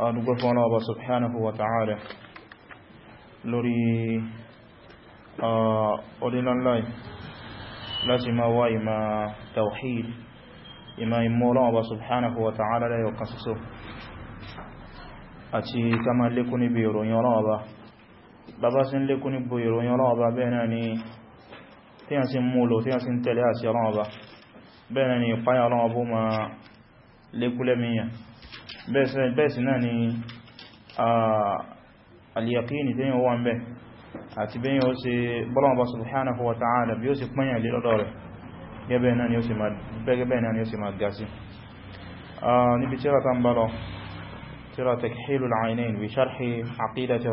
adúgbò fún ọlọ́ọ̀bá subhanahu wa ta'ala lórí ọdínlọ́láì láti ma wá ìmá tawhid ìmá ìmọ̀ ọlọ́ọ̀bá subhanahu wa ta'ala lẹ́yọ kan ṣoṣo àti kama lékún níbi ìròyìn ọlọ́ọ̀bá bàbá sí lékún níbi ìròyìn ọlọ́ọ̀bá bẹ́ẹ̀ náà ni tí a sì ń múlò tí a sì ń tẹ̀lé àti ọlọ́ọ̀bá bẹ́ẹ̀ náà ni ìpáyà ọlọ́ọ̀bá ma lékún bẹ́ẹ̀sì náà ni aliyakini tí yíò wà ń bẹ́ àti bí yíò sí bọ́lọ̀wọ̀n bá subhanahu wa ta'ala bí yíò sí pẹ́yà lè lọ́dọ̀ rẹ̀ gẹ́gẹ́ náà ni ó sì máa ga sí níbi tíra ta ń bá lọ tíra takhil al-aynayn bi sharhi aqidati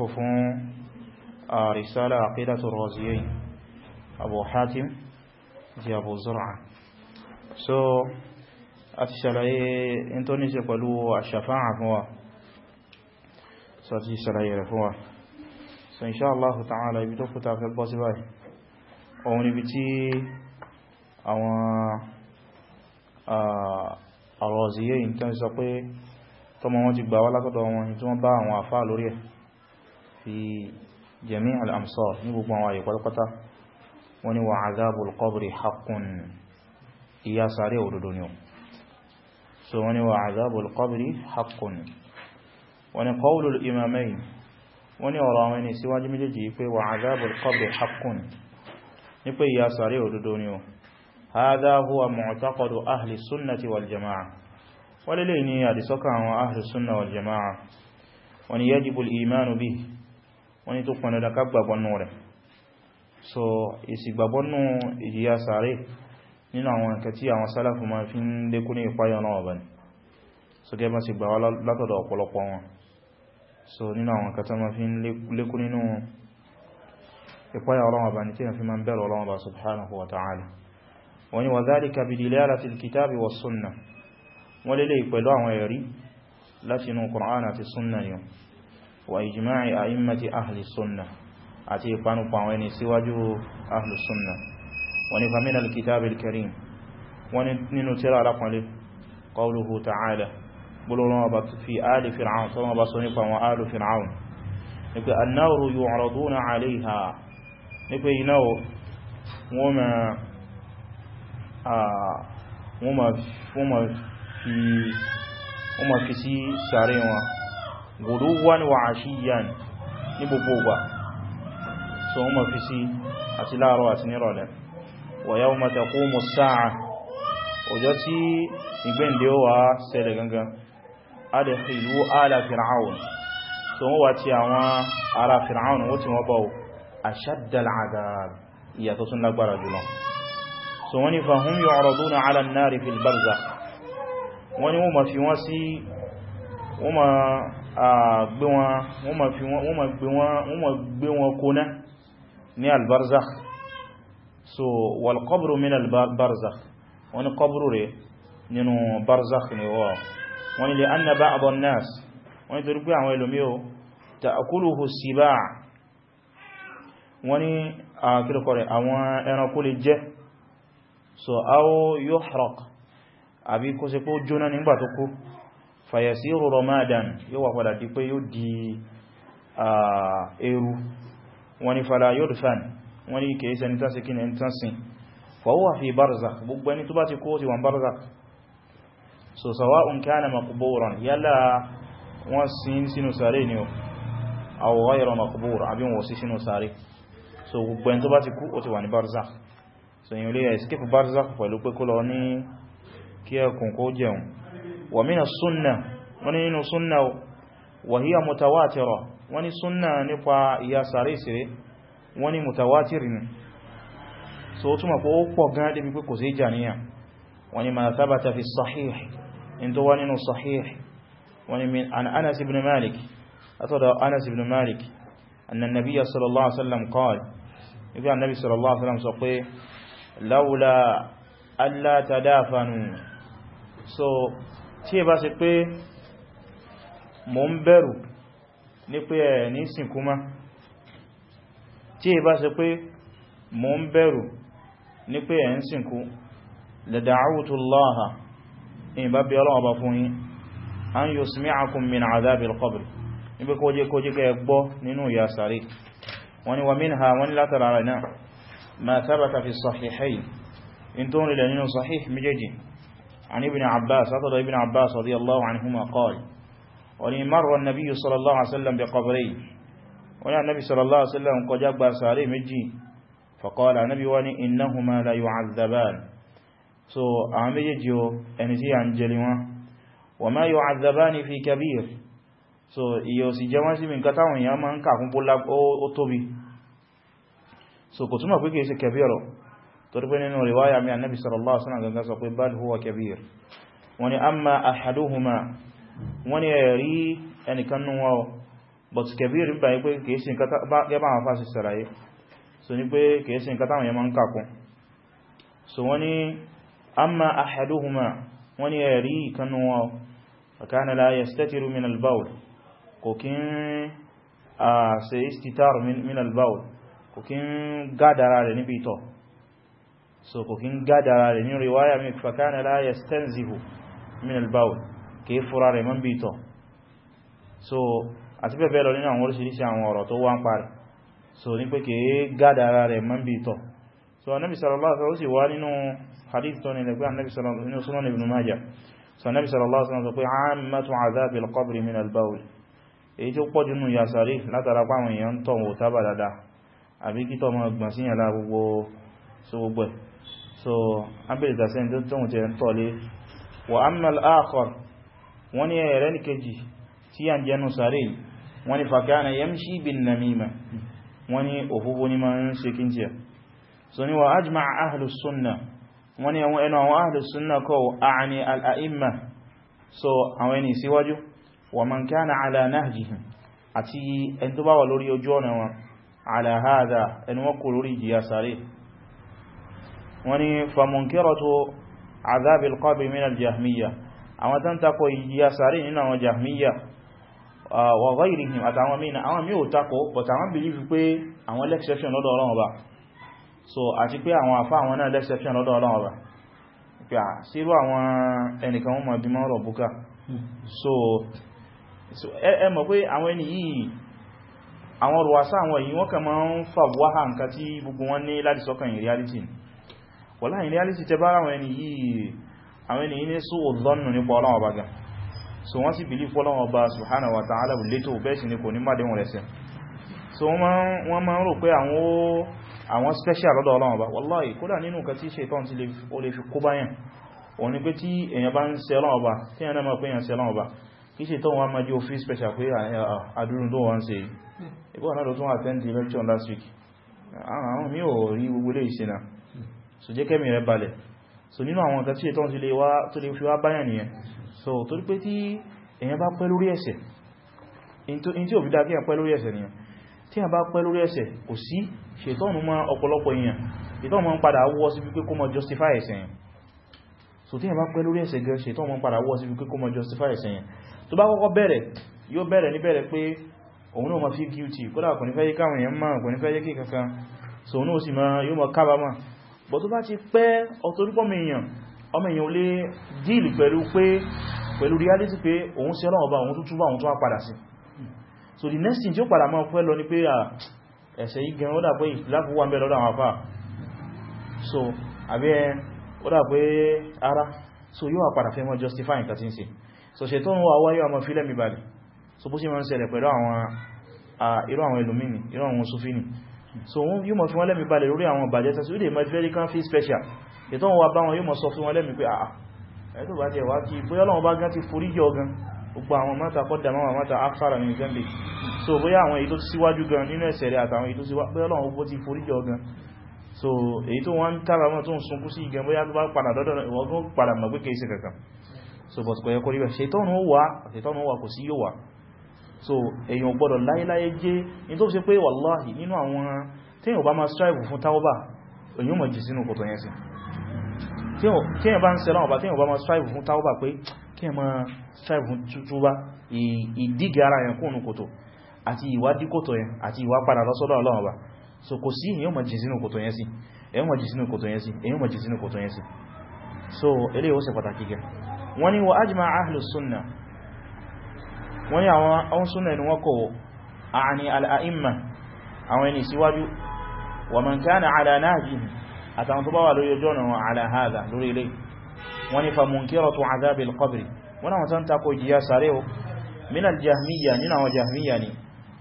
ar risala عقيدة raziyayi أبو حاتم ti abu zur'a so a ti ṣàlàyé in tó ní ṣe pẹ̀lú aṣàfáà wa so a ti ṣàlàyé rẹ̀ fún wa so insha Allah ta'ala ibi tó kúta fẹ́ bọ́ sí báyìí ohun ibi tí àwọn àrọ̀zíyé in tó ń sọ pé tọ́mọ wọn ti gbà wá látọ̀dọ̀ wọn tí wọ́n bá àwọn àfáà lórí ẹ̀ fi jami' al-amsar ní gbogbo àwọn àyíkwálkwata wọ́n ní wà azabul qabri haqqun ìyà sáré òdodo ni so wọ́n ní wà azabul qabri haqqun wọ́n ní qawlul imamayn wọ́n ní ọ̀rọ̀ àwọn ẹni síwájú méjèèjì pé wà azabul qabri haqqun ní pé ìyà sáré òdodo ni hadha huwa mu'taqadu ahli sunnati wal jama'a wọ́n lè ní àdìsọ́kà àwọn ahli sunna wal jama'a wọ́n ní imanu bihi wọ́n ni tó pọn dandan ká gbàgbọ́nú rẹ̀ so èsì gbàgbọ́nú ìjìyà sàárè nínú àwọn nǹkan tí àwọn sálàfù ma fi ń lékú ní ìpáyọ̀ so gẹ́gẹ́ bá ti gbà wá látọ̀dọ̀ ọ̀pọ̀lọpọ̀ so nínú àwọn nǹkan tó ma fi ń lékú nínú ìpáyọ̀ ọlọ́wọ̀ bá ní tí wọ́n fi ma ń bẹ̀rù ọlọ́wọ̀ bá subhanahu wa ta'ala wọ́n ni wa dhalika bi dilalati pẹ̀lú àwọn ẹ̀rí láti inú Qur'an àti sunnah yìí wa ijma'i a'immati ahli sunnah àti ìpanupọ̀ àwọn ẹni síwájú ahli sunnah wọ́n ní famina al-kitabil karim wọ́n nínú tírà alápọ̀lẹ́ qawluhu ta'ala gbọ́lọ́rọ̀ ọba fi ali fir'aun sọ́rọ̀ ọba sọ nípa àwọn ali fir'aun ní pé annáwòrò yu'raduna 'alayha ní pé iná wọ́n ma fi sí gùdúwàn wà àṣíyàn ní gbogbo ọgbà so wọ́n ma fi sí àti láàrọ̀ àti nírọ̀lẹ̀ wa yawma taqumu as-sa'a ọjọ́ tí ìgbẹ̀ndẹ̀ wà ṣẹlẹ̀ gangan adkhilu ala fir'aun so wọ́n wà tí àwọn ará fir'aun wọ́n ti wọ́n bọ̀ so wọ́n ni fahum yu'raduna ala an-nari fil barzakh wọ́n fi wọ́n sí gbé wọn wọ́n ma gbé wọn kóná ní albarzakh so wal qabru min albarzakh wọ́n ní qabru rẹ̀ nínú barzakh ni wọ́n wọ́n ní li anna ba'd an-nas wọ́n ní torí pé àwọn ẹlòmí o ta'kuluhu sibaa wọ́n ní àkílùkọ̀rẹ̀ àwọn ẹranko lè jẹ so aw yuhraq àbí kó ṣe kó jóná nígbà fàyẹ̀sírò ramadan yóò wà padà di pé yóò di eru wani fara yurfan wani ke yi sanita sí kíni intansin fọwọ́ fi barzak gbogbo ẹni tó bá ti kó ti wọn barzak so sawa'un kana maqburan yálà wọ́n sin sínú sáré ni o aw ghayra maqbur abin wọ́n sí sínú sáré so gbogbo ẹni tó bá ti kú o ti wà ní barzak so yíò lè escape barzak pẹ̀lú pé lọ ní kí ẹkùn kó jẹun ومن السنة ونين سنة وهي متواترة وني سنة نفا يا ساريسي وني متواتر so tuma ko po gan de bi ko se janiya wani ma thabata fi sahih in to wani no sahih wani min an anas ibn malik atoda anas ibn malik anna an-nabiy sallallahu alaihi wasallam qala ibi annabi sallallahu alaihi wasallam sọ pé laula alla tadafanu so tí ẹ bá ṣe pé mo ń bẹ̀rù ní pé ẹ̀ ní sìnkú má tí ẹ bá ṣe pé mo ń bẹ̀rù ní pé ẹ̀ ń sìnkú lada'awtu Allaha in bá bí ọlọ́wọ́ bá fún yín an yusmi'akum min adhabil qabr ní pé kójé kójé kẹ́ gbọ́ nínú ìyà sàréè wani wa minha wani látara náà ma thabata fi sahihayn in tó rí lẹ̀ nínú méjèèjì عن ابن عباس أطلع ابن عباس رضي الله عنهما قال ولي مر النبي صلى الله عليه وسلم بقبري ولي النبي صلى الله عليه وسلم قد أكبر ساري مجي فقال النبي واني إنهما لا يعذبان so àwọn méjèèjì o ẹni tí a ń jẹ wọn wọ́n máa yóò àzàbá ní fi kabir so iyo si jẹ wọ́n sí mi nǹkan táwọn èèyàn máa ń kàkún bó ó tóbi so kò túnmọ̀ pé kìí sí kabir torí pé nínú riwaya mi annabi sallallahu alaihi wasallam gangan sọ pé bal huwa kabir wọ́n ní amma ahaduhuma wọ́n ní ẹ̀rí ẹnìkan nù wọ́n but kabir bí báyí pé kìí sí nǹkan gẹ́bà àwọn fásitì sàlàyé so ní pé kìí sí nǹkan táwọn yẹn máa ń kàkún so wọ́n ní amma ahaduhuma wọ́n ní ẹ̀rí ìkan nù wọ́n kana la yastatiru min al-bawl kò kí ń istitar min al-bawl kò kí ń gádara so kò kí ń gádara rẹ̀ ní riwaya mi fàkánà la yastanzihu min al-bawl kìí fura rẹ̀ mọ́n bìtọ̀ so àti pẹ́fẹ́ lọ nínú àwọn oríṣìíríṣìí àwọn ọ̀rọ̀ tó wá ń parẹ̀ so ní pé kìí gádara rẹ̀ mọ́n bìtọ̀ so anábi sallallahu alaihi wasallam ó sì wá nínú hadith tó nílẹ̀ pé anábi sallallahu alaihi wasallam sunan ibn majah so anábi sallallahu alaihi wasallam sọ pé ammatu azabi al-qabri min gbogbo so ẹ̀ so abẹ́ ìdásẹ́ tó tóhun tẹ́ tọ́lé wa ammal akhar wọ́n ni ẹ̀rẹ́ ní kejì tí a jẹnu sáré wọ́n ni fakana yamshi bin namima wọ́n ni òfúgbó ní máa ń ṣe kíntìyà so ni wa ajma'a ahlus sunna wọ́n ni àwọn ẹnu àwọn ahlus sunna kọ́ àní al'a'imma so àwọn ẹni síwájú wa man kana ala nahjihim àti ẹni tó bá wà lórí ojú ọ̀nà wọn ala hadha ẹni wọ́n kò lórí ìjìyà sáré wọ́n ni famunkiratu azabil qabri min al-jahmiyya àwọn tán takò ìyà sàárì nínú àwọn jahmiyya wa ghayrihim àtàwọn mìíràn àwọn mí ò takò but àwọn believe pé àwọn l'exception lọ́dọ̀ àwọn àfá àwọn náà wọ́n kàn máa ń fà wáhà nǹkan tí gbogbo wọn ní láti sọ́kàn in ni wọ́lá in reality tẹ bára àwọn ẹni yìí àwọn ẹni ní sọ ọ̀dọ́nù nípa Ọlọ́run Ọba gan so wọ́n sì believe Ọlọ́run Ọba subhanahu wa ta'ala wù létò bẹ́ẹ̀ sì ni kò ní mádéhùn rẹ̀ sẹ́ so wọ́n máa ń rò pé àwọn special lọ́dọ̀ Ọlọ́run Ọba wallahi kódà nínú nǹkan tí ṣètọ́n ti lè fi kó báyàn òun ni pé tí èèyàn bá ń ṣe Ọlọ́run Ọba tí èèyàn náà máa pé èèyàn ṣe Ọlọ́run Ọba ah, eh, ah, last week àwọn mi ò rí gbogbo ilé ìṣẹ́ náà so jẹ́ kẹ́mì rẹ̀ balẹ̀ so nínú àwọn nǹkan tí ètò ti lè wá tó lè fi wá báyàn nìyẹn so torí pé tí èyàn bá pẹ́ lórí into in tí òbídá kíyàn pẹ́ lórí ẹ̀ṣẹ̀ nìyàn tí a bá pẹ́ lórí ẹ̀ṣẹ̀ kò sí ṣètọ́nù mọ́ ọ̀pọ̀lọpọ̀ èèyàn ìtọ́nù mọ́ ń padà wọ́ sí wípé kó mọ́ justify ẹ̀ṣẹ̀ yẹn so tí a bá pẹ́ lórí ẹ̀ṣẹ̀ gan ṣètọ́nù mọ́ ń padà wọ́ sí wípé kó mọ́ justify ẹ̀ṣẹ̀ yẹn tó bá kọ́kọ́ bẹ̀rẹ̀ yóò bẹ̀rẹ̀ ní bẹ̀rẹ̀ pé òun náà ma fi guilty kódà kò ní fẹ́ yí káwọn èèyàn mọ́ kò ní fẹ́ yí kí kankan so òun náà sì ma yóò mọ́ kábàámọ̀ bọ̀ tó bá ti pẹ́ ọ̀tọ̀rípọ̀mọ̀ èèyàn ọmọ èèyàn lè díìlì pẹ̀lú pé pẹ̀lú reality pé òun sí ọlọ́wọ́ bá òun tó túbọ̀ òun tó wá padà sí so the next thing tí ó padà máa pẹ́ lọ ni pé ẹ̀sẹ̀ yìí gan so àbẹ́ ó ara so yóò padà fẹ́ mọ́ justify nǹkan so ṣe tó ń wà wáyé ọmọ so bó sì máa ń ṣẹlẹ̀ pẹ̀lú àwọn irú àwọn ẹlòmíní irú àwọn sófíní so wọ́n yíò mọ̀ fi wọ́n lẹ́mí balẹ̀ lórí àwọn bàjẹ́ tẹ́sí ó dè mọ̀ ìfẹ́ kan fi special ètò wọn wà bá wọn yíò mọ̀ sọ fún wọn lẹ́mí pé àà ah, ah, ẹ̀tọ́ bá jẹ́ wá kí bóyá Ọlọ́run bá gán ti forí jẹ́ ọgán gbogbo àwọn mọ́ta kọ́dà máa mọ́ta afára ní gẹ́ndì so bóyá àwọn èyí tó ti síwájú gan nínú ẹ̀ṣẹ̀ rẹ̀ àtàwọn èyí tó síwájú bóyá Ọlọ́run ó ti forí jẹ́ ọgán so èyí tó wọ́n ń tára mọ́ tó ń sunkú sí ìgẹ̀ bóyá tó bá padà dọ́dọ̀ ìwọ̀n tó padà mọ̀ pé kèése kankan so bọ̀tùkọ̀ yẹ kó rí bẹ̀ ṣe tọ́nù wà kò sí yóò wà so èyàn gbọ́dọ̀ láyéláyé jẹ́ in tó fi ṣe pé wàláhì nínú àwọn tíyàn bá máa strive fún tauba èyàn mọ̀ jì sínú kòtò yẹn sí tíyàn bá ń ṣe láwọn bá tíyàn bá máa strive fún tauba pé kí ma strive fún túbá ìdígẹ ara yẹn kúnnù kòtò àti ìwádí kòtò yẹn àti ìwá padà lọ́sọ́dọ̀ so kò sí èyàn mọ̀ jì sínú kòtò yẹn sí èyàn so eléyìí ó ṣe pàtàkì gẹ wọ́n ni wa wọ́n ní àwọn àwọn súnà ni wọ́n kọ̀wọ̀ àní al'a'imma àwọn ẹni síwájú wa man kana ala nahjihi àtàwọn tó bá wà lórí ojú ọ̀nà wọn ala hadha lórí ilé wọ́n ní famunkiratu azabil qabri wọ́n àwọn tán takò ìjìyà o min al-jahmiyya nínú àwọn jahmiyya ni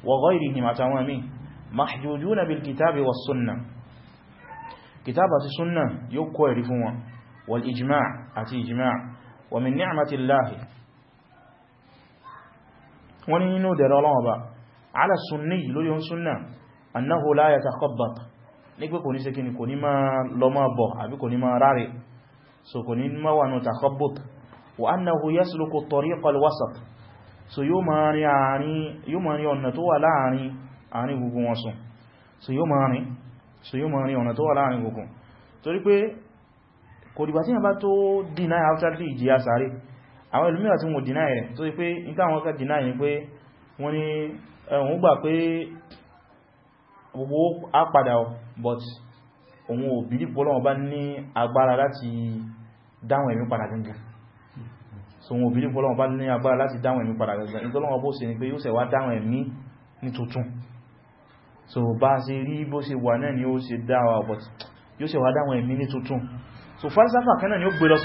wa ghayrihim àtàwọn mi mahjujuna bil kitabi was sunnah kitaaba ti sunna yóò kọ ẹ̀rí fún wọn wal ijma' àti ijma' wa min ni'matillahi wọ́n ní nínú dẹ̀rọ ọlọ́wọ́ bá ala sunni lórí oun sunna annahu la yatakhabbat ní pé kò ní sekini kò ní máa lọ máa bọ̀ àbí kò ní máa ráre so kò ní máa wà ní takhabbut wa annahu yasluku tariqa alwasat so yóò máa rí ọ̀nà tó wà láàrin àárín wọn sùn so yóò máa rí ọ̀nà tó wà láàrin gbogbo torí pé kò dìgbà yàn bá tó deny after ìjìyà sáré àwọn ìlúmíwà tí wọ́n dìnáì rẹ̀ tó sì pé ní táwọn ká dìnáì pé wọ́n ni ẹ̀wọ̀n gbà pé gbogbo á but òun ò bìlì pọ́lọ́wọ́ bá ní agbára láti so òun ò bìlì pọ́lọ́wọ́ bá ní agbára láti dáwọn ẹ̀mí padà gangan ni pé yóò ṣẹ̀ wá dáwọn ẹ̀mí so bá ṣe rí bó ṣe ni ó ṣe but yóò ṣẹ̀ wá dáwọn ẹ̀mí so falsafa kan ni ó gbé lọ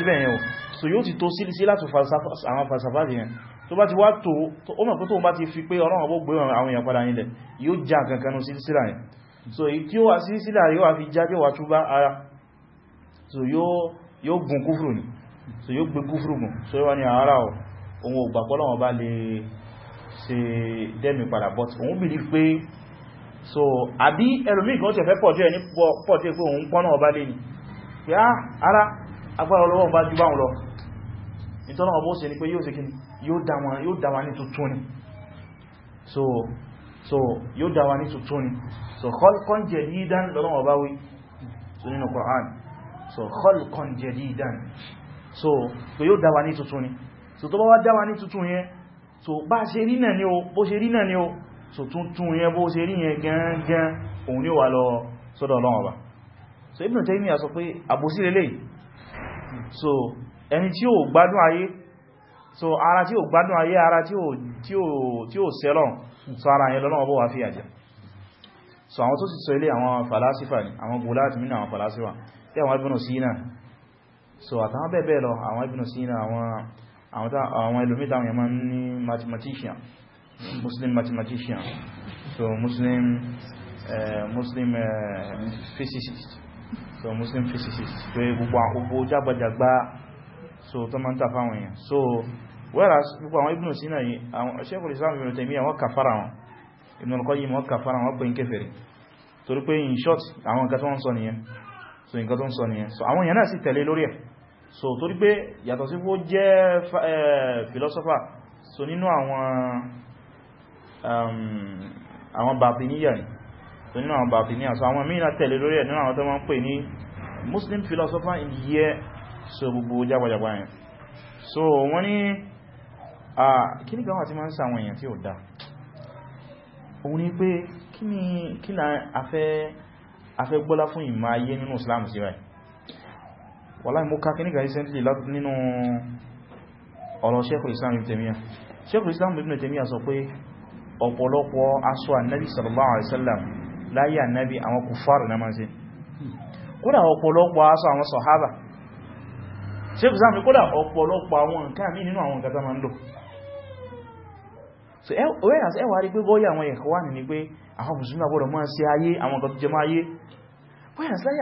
so yóò ti tó sílá tó àwọn falsafa yẹn tó bá ti wá tó ó mọ̀ pé tó bá ti fi pé ọ̀rọ̀ ọgbọ́ gbé àwọn èèyàn padà nílẹ̀ yóò já kankanú sílá yẹn so tí ó wà sílá yóò wà fi já tí wà túbá ara so yóò gùn kúfùrù ni so yóò gbé kúfùrù gùn so yóò wá ní ara ọ̀ ohun ògbàpọ́lọ́wọ́ bá lè ṣe dẹ́mi padà but òun believe pé so àbí ẹlòmí ìgbọ́n tẹ̀fẹ́ pọ̀jọ́ ẹni pọ̀jọ́ pé òun pọ́nà ọba lè ní pé á ah, ara agbára ọlọ́wọ́ bá jú báhùn lọ ìtọ́nà ọbọ̀ sí ni pé yóò síkí yóò dáwà ní tuntun ni so so yóò dáwà ní tuntun ni so khalqan jadidan lọ́nà ọba wí so nínú Qur'an so khalqan jadidan so pé yóò dáwà ní tuntun ni so tó bá wá dáwà ní tuntun yẹn so bá ṣe rí náà ni o bó ṣe rí náà ni o so tuntun yẹn bó ṣe rí yẹn gangan òun ni wà lọ so Ibn Taymiyyah sọ pé àbòsí lélẹ́yìí so ẹni tí ó gbádùn ayé so ara tí ó gbádùn ayé ara tí ó sẹ́lọ̀n so ara yẹn lọ́nà ọbọ̀ wà fi àjẹ́ so àwọn tó sì sọ ilé àwọn falasifa ni àwọn gùláàtì mínú àwọn falasifa tí àwọn Ibn Sina so àtàwọn bẹ́ẹ̀ bẹ́ẹ̀ lọ àwọn Ibn Sina àwọn ilomita àwọn yamma ní mathematician muslim mathematician so muslim eh, muslim uh, physicist so muslim physicist so gbogbo jágbàjàgbà so tó ma ń tàfà àwọn èèyàn so whereas púpọ̀ àwọn Ibn Sina yìí àwọn Shaykhul Islam Ibn Taymiyyah wọ́n kàfàrà wọn Ibn al-Qayyim wọ́n kàfàrà wọn pé ń kèfèrí torí pé in short àwọn nǹkan tó ń sọ nìyẹn so nǹkan tó ń sọ nìyẹn so àwọn èèyàn náà sì tẹ̀lé lórí ẹ̀ so torí pé yàtọ̀ sí fó jẹ́ eh, philosopher so nínú àwọn um, àwọn bàtíníyà ni so nínú àwọn bàtíníyà so àwọn mìíràn tẹ̀lé lórí ẹ̀ nínú àwọn tó máa ń pè ní Muslim philosopher in year so gbogbo jágbàjàgbà yẹn so wọ́n ní à kí ní gáwà tí ma ń sa àwọn èèyàn tí ó dá òun ni pé kí ni kí la afẹ́ gbọ́lá fún ìmá ayé nínú Islam sí rẹ̀ wàlá mú ká kíníkà recently nínú ọ̀rọ̀ Sheikhul Islam Ibn Taymiyyah Sheikhul Islam Ibn Taymiyyah sọ pé ọ̀pọ̀lọpọ̀ aṣọ annabi sallallahu alaihi wasallam láyé annabi àwọn kùfàrù na máa ṣe kódà ọ̀pọ̀lọpọ̀ aṣọ àwọn sọ̀hábà sheikh zamani kódà ọ̀pọ̀lọpọ̀ àwọn nǹkan mí nínú àwọn nǹkan tó ma ń lò so whereas ẹwà rí pé bọ́yà àwọn ẹ̀kọ́ wà ní pé àwọn musulmi àgbọ́dọ̀ mọ́ sí ayé àwọn nǹkan tó jẹ mọ́ ayé whereas láyé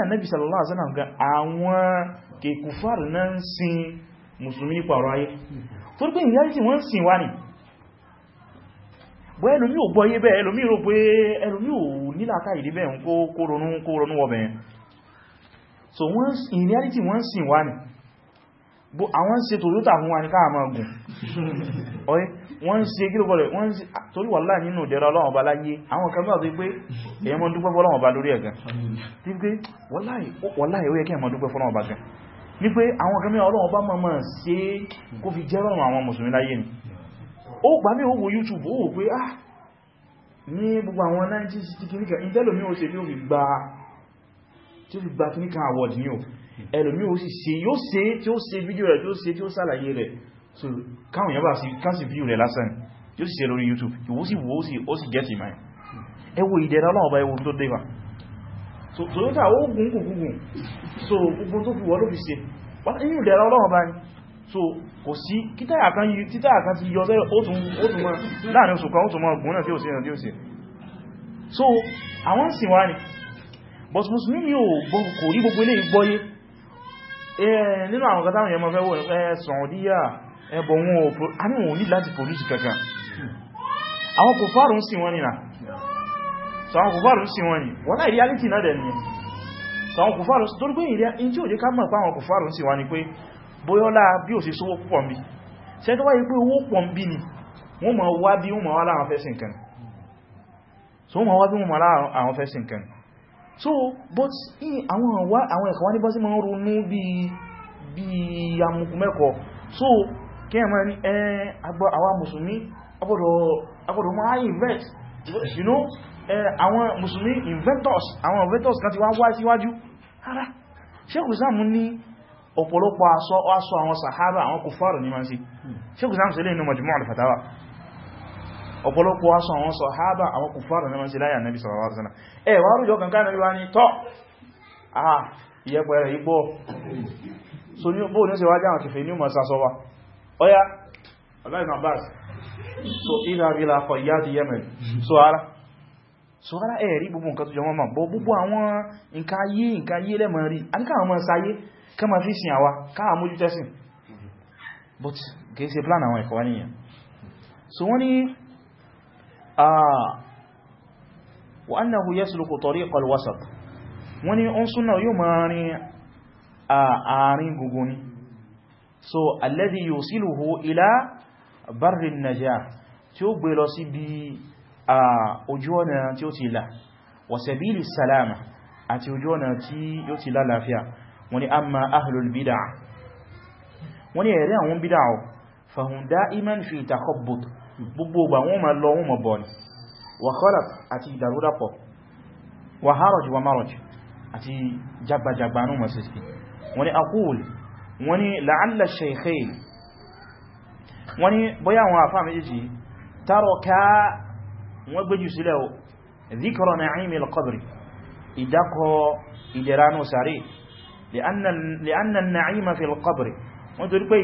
so in reality wọ́n sin wá ní àwọn ṣe toyota fún wa ní káà máa gùn ọ̀rẹ́ wọ́n ṣe gílùkọ́ rẹ̀ wọ́n ṣe ah, torí wà láà nínú ìdẹ̀ra Ọlọ́run Ọba láyé àwọn kan mẹ́wàá tó pé èyàn mọ́ dúpẹ́ fọ́lọ́run Ọba lórí ẹ̀gán tí pé wàláhì ó yẹ kí ẹ mọ́ dúpẹ́ fọ́lọ́run Ọba gan ní pé àwọn kan mẹ́wàá Ọlọ́run Ọba mọ́ ṣe kó fi jẹ́ rọrùn àwọn mùsùlùmí láyé ni ó gbà mí owó YouTube ó wò pé ah ní gbogbo àwọn 1960 kìníkà ìtẹ́lòmí ó ṣe tí ó fi gba kìníkà award ní o ẹlòmí ó sì ṣe yóò ṣe tí ó ṣe fídíò rẹ̀ tí ó ṣe tí ó ṣàlàyé rẹ̀ so káwọn yàbá sí kásì fídíò rẹ̀ lásán tí ó sì ṣe lórí YouTube ìwó sì wó ó sì gẹ́tì máa ẹwọ ìdẹ̀ra Ọlọ́run bá ẹwọ tó dẹ́fà so toyota ó gùn kù gùn so gbogbo tó fi wọ́n ló fi ṣe inú ìdẹ̀ra Ọlọ́run bá ní so kò sí títàyà kan ti yọ sẹ́rẹ̀ ó tún mọ́ láàrin oṣù kan ó tún mọ́ gùn náà tí ó ṣe náà tí ó ṣe so àwọn sì wá ní but musulmi yóò kò rí gbogbo ilé ìgbọ́yé nínú àwọn kátàwọn yẹn ma fẹ́ wọ́n ẹ Saudiya ẹbọ̀ wọn àmì òní láti polisi kankan àwọn kò fárún sí wọn nìna so àwọn kò fárún sí wọn ni wọ́n láì reality náà dẹ̀ ni so àwọn kò fárún sí tó gbé ìrìá in tí ò jẹ́ ká mọ̀ pá àwọn kò fárún sí wọn ni pé bóyọ́lá bí ò sí sówó púpọ̀ mbí ṣe tó wáyé so but àwọn wá àwọn ẹ̀kọ́ wá ní bọ́sí ma ń ronú bí i amukùnmẹ́kọ̀ so kí ẹ̀mọ́ ní ẹ agbọ́ àwọn musulmi agbọ́dọ̀ máa invest you know àwọn musulmi inventors àwọn inventors kan ti wá wá síwájú ara Sheikh Islam ní ọ̀pọ̀lọpọ̀ aṣọ àwọn sahaba àwọn kùfààrù ní ma ń ṣe Sheikh Islam sílẹ̀ inú Majmu' ọ̀pọ̀lọpọ̀ aṣọ àwọn sàhábà àwọn kùfààrù náà sí láyà nẹ́bí sallallahu alaihi wasallam ẹ wà rújọ kankan náà wá ní tọ́ àà ìyẹ́pẹ̀rẹ̀ ipò so ní bóò ní ṣe wájá àwọn kìfẹ̀ ní mọ̀ sásọwà ọya ọláìmọ̀ so ìlà rí la kọ̀ ìyá ti yemen so ara so ara ẹ̀ rí gbogbo nǹkan tó jẹ wọn mọ̀ gbogbo àwọn nǹkan ayé nǹkan ayé lẹ́mọ̀ rí a ní but kìí ṣe plan àwọn so wọ́n ni آه وأنه يسلك طريق الوسط وني أنصنا يماني آرين قبوني so alladhi yusiluhu ila barri an-najah tí ó gbé lọ sí bí a ojú ọ̀nà tí ó ti là wa sabili salama àti ojú ọ̀nà tí ó ti là láfíà wọ́n ní amma ahlul bid'ah wọ́n ní ẹ̀rẹ́ àwọn bid'ah fahum da'iman fi takhabbut gbogbo ọgbà wọn ma lọ wọn ma bọ̀ ní wa khalat àti ìdàrúdàpọ̀ wa haraj wa maraj àti jagbajagba ní ọmọ sísì wani akúl wani la'alla shaykhayn wani bóyá wọn àfá méjèèjì tàrọ ká wọn gbéjù sílẹ̀ dhikra na'imil qabri ìdákọ̀ ìdẹ̀ránú sàrí li'anna an-na'ima fil qabri wọ́n torí pé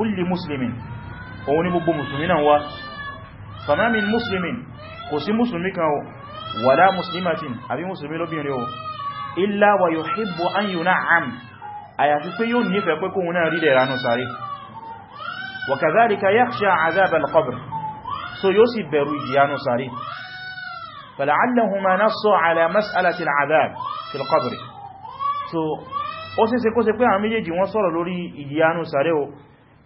kulli muslimin òun ni gbogbo musulmi náà wá famamin muslimin kò sí musulmi kan wàlá muslimatin àbí musulmi lóbìnrin o illa wa yuhibbu an yun'am àyàfi pé yóò nífẹ̀ẹ́ pé kóhun náà rí da ìranú sáré wa kadhalika yakhsha azab al-qabr so yóò sì bẹ̀rù ìjìyànú sáré فلعلهما نصوا على مسألة العذاب في القبر so ó ṣeéṣe kó ṣe pé àwọn méjèèjì wọ́n sọ̀rọ̀ lórí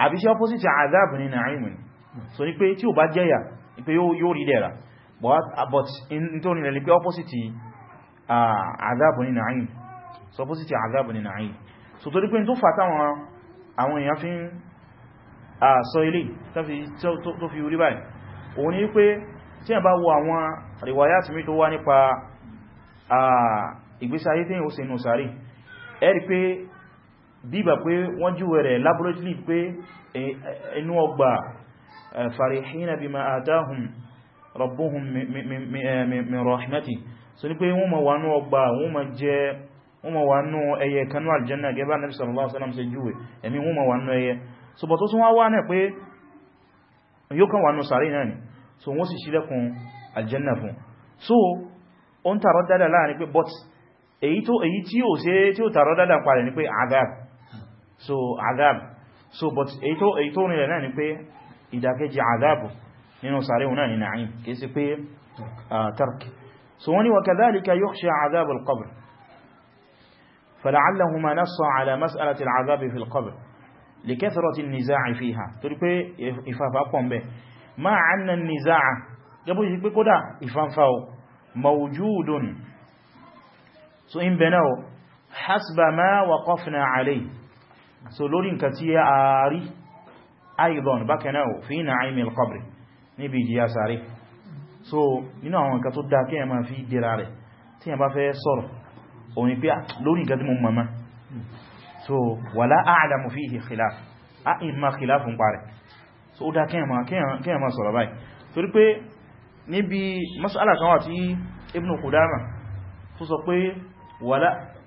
àbí sí opposite azab ní na'im ni so ní pé tí ó bá jẹ́yà ní pé yóò rí dẹ̀ra but in tó nílẹ̀ ní pé opposite azab ní na'im so opposite azab ní na'im so torí pé tó fàtà àwọn èèyàn fi ń sọ ilé tó fi rí báyìí òun ní pé tí ẹ bá wo àwọn riwayat mi tó wá nípa ìgbésí tí ó ṣe nù sàárì ẹ pé bíbà pé wọ́n júwẹ̀ rẹ̀ laboratory pé inú ọgbà farihina bima atahum rabbuhum min rahimati so ní pé wọ́n ma wà ní ọgbà wọ́n ma jẹ wọ́n ma wà ní ẹyẹ kanú aljanna gẹ́bà nabi sallallahu alaihi wasallam ṣe júwẹ̀ ẹ̀mí wọ́n ma wà ní ẹyẹ so bọ̀ tó tún wá wá náà pé yóò kan wà ní sàárì náà ni so wọ́n sì sílẹ̀kùn aljanna fún so o ń tààrọ so azab so but eto tó nílẹ̀ na ni pé ìdàkejì azabu nínú sare una ni na'im ke se pé tark so wani wa kadhalika yukhsha azab alqabr qabr fala'allahuma nassa ala mas'alati al fi alqabr likathrati an fiha to ri pé ìfàfà pọ̀ ńbẹ̀ ma 'anna an gabo ji pé kódà ìfàfà o mawjudun so in bẹ̀ náà hasba ma waqafna alayhi so lórí nǹkan tí a rí aidan bákanáà fi na'imil qabri níbi ìjìyà sàárè so nínú àwọn nǹkan tó dáa kíyàn máa fi dìra rẹ̀ tí yàn bá fẹ́ sọ̀rọ̀ òun pé ah, lórí nǹkan tí mo mọ̀má so wala a'lamu fihi khilaf a in ma khilaf ń parẹ̀ so ó dáa kíyàn máa sọ̀rọ̀ báyìí torí pé níbi wà tí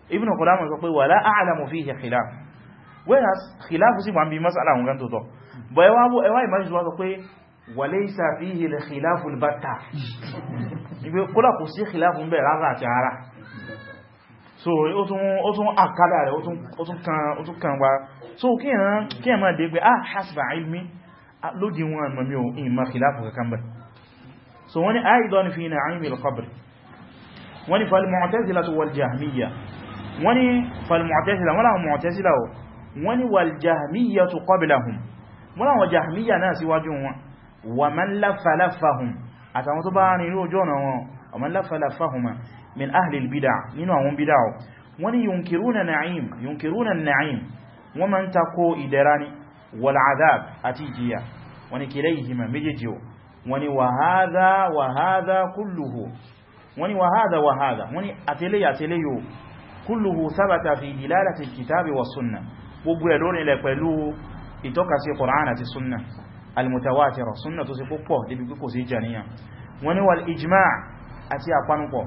ibn Qudama whereas khilafu sí wọ́n bí masala wọn gan tó tọ́ bọ̀ ẹwà ìmájú wọ́n sọ pé walaysa fihi al-khilafu al-batta ibi kódà kò sí khilafu ń bẹ̀ rárá àti ara so ó tún àkádà rẹ̀ ó tún kan wa so kí ẹ̀ máa dé pé ah hasba ilmi ah, lódi wọn mọ̀ mí o in ma khilafu kankan bẹ̀ so wani aidan fi na'im al-qabr wani fal mu'tazila wal jahmiyya wani fal mu'tazila wala mu'tazila wọ́n ni waljahmiya tu qablahum wọ́n láwọn jahmiya náà síwájú wọn wa man lafalafahum àtàwọn tó bá rìn irú ojú ọ̀nà wọn wa man lafalafahuma min ahlil bid'a nínú àwọn bid'a wọ́n ni yunkiruna na'im yunkiruna na'im wọ́n ma ń gbogbo ẹ̀ lórí ilẹ̀ pẹ̀lú ìtọ́kasí Qur'an àti súnnà almutawatira súnnà tó sì púpọ̀ débi pípò sí jàníyà wọ́n ni wal ijma' àti àpanupọ̀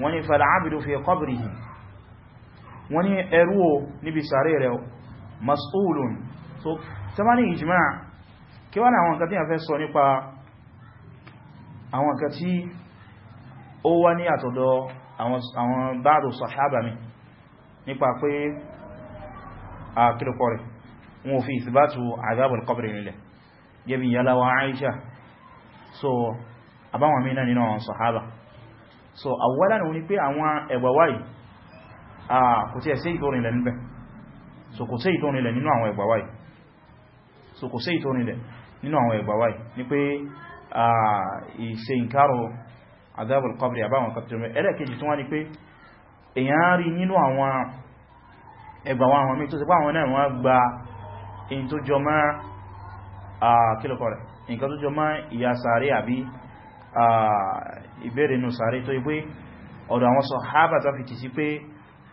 wọ́n ni fal'abidu fi qabrihi so tí ni ijma' kí wọ́n àwọn nǹkan tí a fẹ́ sọ nípa àwọn nǹkan tí ó wá ní àtọ̀dọ̀ àwọn mi nípa pé àkílùkọ́ rẹ̀ wọn fi ìsìbátù àzábùl kọbìrì nílẹ̀ gẹ́bí yalawa Aisha so àbáwọn mìíràn nínú àwọn sọ̀hábà so awwalan ni pé àwọn ẹgbàwáyì kò tí ẹ̀ sí ìtòrìnlẹ̀ níbẹ̀ so kò sí ìtòrìnlẹ̀ nínú àwọn ẹgbàwáyì so kò sí ìtòrìnlẹ̀ nínú àwọn ẹgbàwáyì ní pé ìṣe ìkárò àzábùl kọbìrì àbáwọn kọbìrì ẹlẹ́kejì tó wá ní pé èyàn rí ẹgbà wa àwọn mìí tó sì pá àwọn náà wọ́n gba in tó jọ má a kílùkọ́ rẹ̀ nǹkan tó jọ má ìyà sàárè àbí ìbéèrè nù sàárè tó yí pé ọ̀dọ̀ àwọn sàhábà tó fi tì sí pé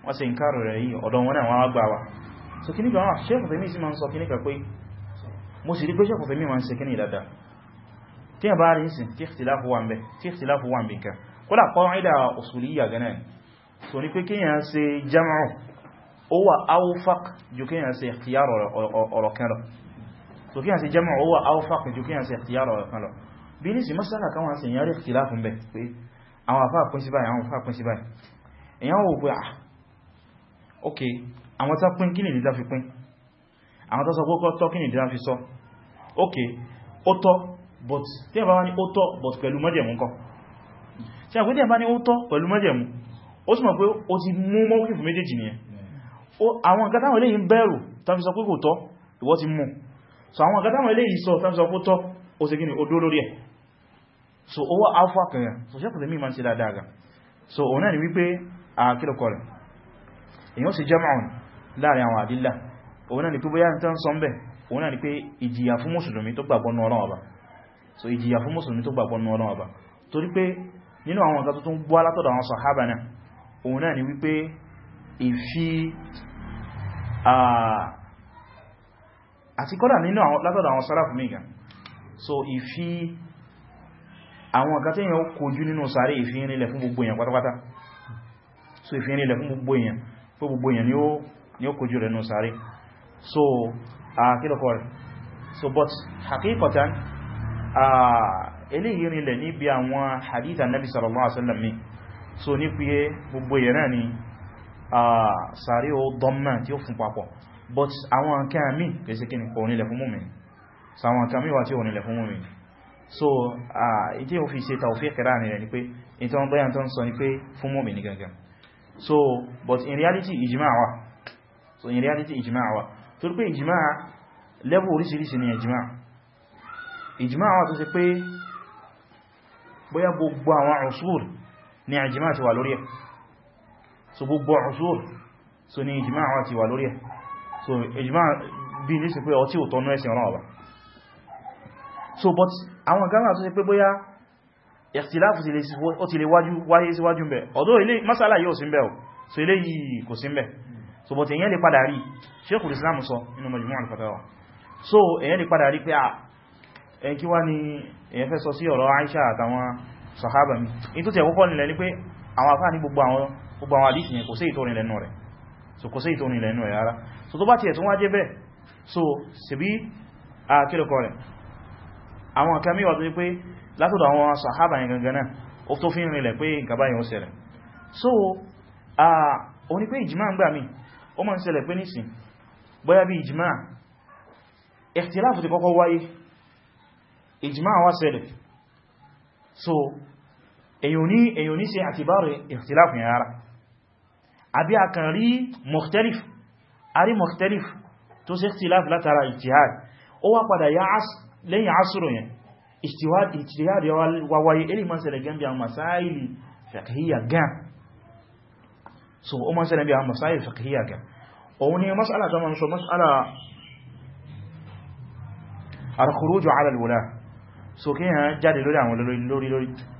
wọ́n ṣe nǹkan rẹ̀ yìí ọ̀dọ̀ wọn náà wọ́n gbà wa so kí nígbà wọn ṣẹ́kù fẹ́mí sí ma ń sọ kí nígbà pé mo sì ó wà áwúfàk jù kí yàn ṣe ikhtiyar ọ̀rọ̀ kan lọ so kí yàn ṣe jẹ́mọ̀ ó wà áwúfàk jù kí yàn ṣe ikhtiyar ọ̀rọ̀ kan lọ bí ní sí masala kan wọ́n ṣe yàn rí ikhtilafun bẹ̀ pé àwọn afá pín sí báyìí àwọn afá pín sí báyìí èyàn wò pé ah ok àwọn tá pín kí ni ìdíta fi pín àwọn tó sọ pé kọ́ tọ́ kí ni ìdíta fi sọ ok ó tọ́ but tí ẹ bá wá ní ó tọ́ but pẹ̀lú májẹ̀mú kọ́ tí ẹ bá ní ó tọ́ pẹ̀lú májẹ̀mú ó túnmọ̀ pé ó ti mú mọ́kìfù méjèèjì nìyẹn àwọn nǹkan táwọn eléyìí ń bẹ̀rù tàbí sọ pé kò tọ́ ìwọ ti mú so àwọn nǹkan táwọn eléyìí sọ tàbí sọ pé tọ́ ó ṣe gíní odó lórí ẹ̀ so ó wá alfa kìnyàn so ṣe kùsẹ̀ mímọ̀ sí dáadáa so òun náà ni wípé a kílùkọ rẹ̀ èyàn sì jama'un láàrin àwọn àdílà òun náà ni pé bóyá tán sọ so ìjìyà fún mùsùlùmí tó gbàgbọ́ nú Ọlọ́run Ọba torí pé nínú àwọn nǹkan tó ìfi àti kọ́dà nínú látọ̀dọ̀ àwọn sáràfù mìíga so ìfi àwọn ọ̀gá tí èyàn kojú nínú sáré ìfìrinlẹ̀ fún gbogbo èyàn pátápátá so ìfìrinlẹ̀ fún gbogbo èyàn fún gbogbo èyàn ni ó kojú rẹ̀ nínú sáré so àkílọ̀kọ̀ rẹ̀ so but hakikatan eléyìí rinlẹ̀ níbi àwọn hadith Nabi sallallahu alaihi wasallam ni, so ní pé gbogbo èyàn náà ni sàárè ó dọ́mà tí ó fún papọ̀ but àwọn nǹkan mí kèsí kí ní kò nílẹ̀ fún mùmí so àwọn nǹkan mí wà tí ó nílẹ̀ fún mùmí so ìdí ò fi ṣe tawfiq kẹrà ní rẹ̀ ni pé in tó ń bẹ́yàn tó ń sọ ni pé fún mùmí ní gangan so but in reality ijima wà so in reality ijima wà tó rí pé ijima level oríṣiríṣi ni ijima ijima wà tó ṣe pé bóyá gbogbo àwọn usul ni ijima ti wà lórí ẹ̀ so gbogbo ọ̀ṣùr so ni ìjìmá àwọn ti wà lórí ẹ̀ so ìjìmá bí ní sí pé ọtí ò tọ́nú ẹ̀sìn ọ̀rọ̀ ọ̀bá so but àwọn gánà tó ṣe pé bóyá ìṣìláfù ti lè wáyé síwájú ń bẹ̀ ọ̀dọ́ ilé masala yóò sí ń bẹ̀ ò so ilé yìí kò sí ń bẹ̀ so but èyàn lè padà rí Sheikhul Islam sọ nínú Majmu' al-Fatawa so èyàn lè padà rí pé à ah, ẹn kí wá ni èyàn fẹ́ sọ sí ọ̀rọ̀ Aisha àtàwọn sahaba mi in tó tẹ̀ nílẹ̀ ni pé àwọn afá ní gbogbo àwọn gbogbo àwọn àdísì yẹn kò sí ìtòrin lẹ́nu rẹ̀ so kò sí ìtòrin lẹ́nu rẹ̀ rárá so tó bá ti ẹ̀tún wá jẹ́ bẹ́ẹ̀ so ṣebí àkílùkọ rẹ̀ àwọn kan míwà tó yí pé látọ̀dọ̀ àwọn sàhábà yẹn gangan náà ó tó fi ń pé gaba yẹn ó ṣẹlẹ̀ so ó ní pé ìjìmá gbà mí ó máa ń pé nìsìn bóyá bí ìjìmá ìhtìláfù ti kọ́kọ́ wáyé ìjìmá wá ṣẹlẹ̀ so èyàn ní ṣe àtibárò ìfìtìláfù yẹn rárá àbí a kàn rí mukhtalif a rí mukhtalif tó ṣe ìfìtìláfù látara ìjìhàd ó wá padà yá lẹ́yìn asúrò yẹn ìjìhàd wáwáyé elimọ̀ sẹ̀rẹ̀ gẹ́m bí àwọn masáìlì fiqhiyya gan so ó mọ́ sẹ́rẹ̀ bí àwọn masáìlì fiqhiyya gan òun ni mas'ala tó mọ́ sọ mas'ala al-khuruj ala al-wala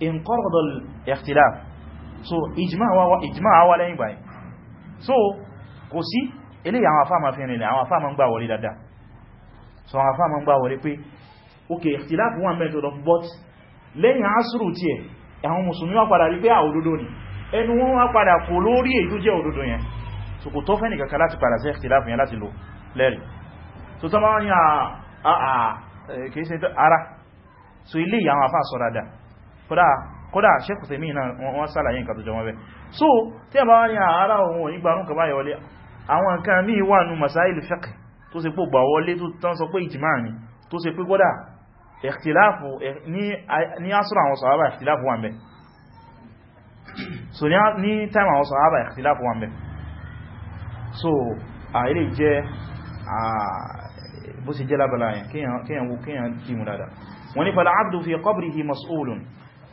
inqarada al-ikhtilaf so ijma wa lẹ́yìn gbáyìn so kò sí ilé àwọn afáàmà fi rìnlẹ̀ àwọn afáàmà ń gbà wọlé dada so àwọn afáàmà ń gbà wọlé pé ok ikhtilaf one method of but lẹ́yìn asúrù tí ẹ̀ àwọn musulmi wá padà rí pé à òdodo ni ẹnu wọn wá padà kò lórí èyí jẹ́ òdodo yẹn so kò tó fẹ́ nìkan kan láti padà sí ikhtilaf yẹn láti lò lẹ́rì so tọ́ máa ń yà àà kìí ṣe ara so ilé àwọn afáà sọ dáadáa kódà sẹ́kù tèmí náà wọ́n sàlàyé nǹkan tó jọmọ́ bẹ́ so tí a bá wá ní àárá ohun òyìn gbárùn kàbá ìwọlé àwọn nǹkan ní ìwànú masáìlì fiqh tó ṣe pé gbà wọlé tó tán sọ pé ìjìmá ni tó ṣe pé kódà ikhtilafu eh, ní asúrà àwọn sàhábà ikhtilafu wà ń bẹ so ní time àwọn sàhábà ikhtilafu wà ń bẹ so a ilé jẹ́ bó ṣe jẹ́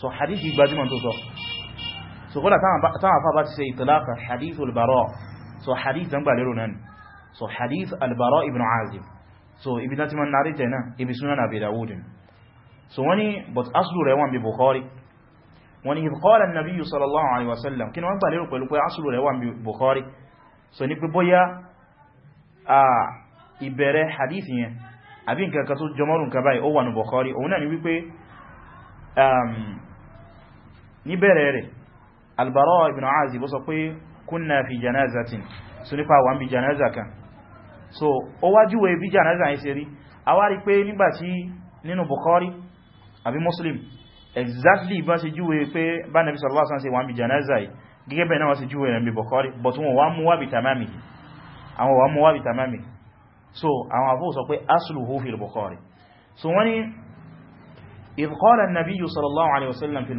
so hadithi gbajúmọ̀ tó sọ so kọ́lá táwọn afá bá ti ṣe ìtìláka hadith al-bara so hadith zan gbà lérò náà so hadith al-bara ibn azim so ibi tán ti ma náà rítẹ̀ náà ibi sunan abi dawud so wani but aslu rẹ̀ wọn bi bukhari wani if qala an-nabiy sallallahu alaihi wasallam kí ni wọ́n gbà lérò pẹ̀lú pé aslu rẹ̀ bi bukhari so ní pé bóyá a ìbẹ̀rẹ̀ hadith yẹn àbí nǹkan kan tó jọmọ́rùn kan báyìí ó wà bukhari òun náà ni um, níbẹ̀rẹ̀ rẹ̀ Al-Bara ibn Azib sọ pé kunna fi janazatin so nípa wà ń bí janaza kan so ó wájúwẹ̀ bí janaza yìí ṣe rí a wá rí pé nígbàtí nínú Bukhari àbí Muslim exactly bá ṣe júwẹ̀ pé bá Nabi sallallahu alaihi wasallam ṣe wà ń bí janaza yìí gẹ́gẹ́ bẹ́ẹ̀ náà wọ́n so àwọn afọ́ sọ pé asluhu so wọ́n ni idh qala an-nabiyyu sallallahu alaihi wasallam fil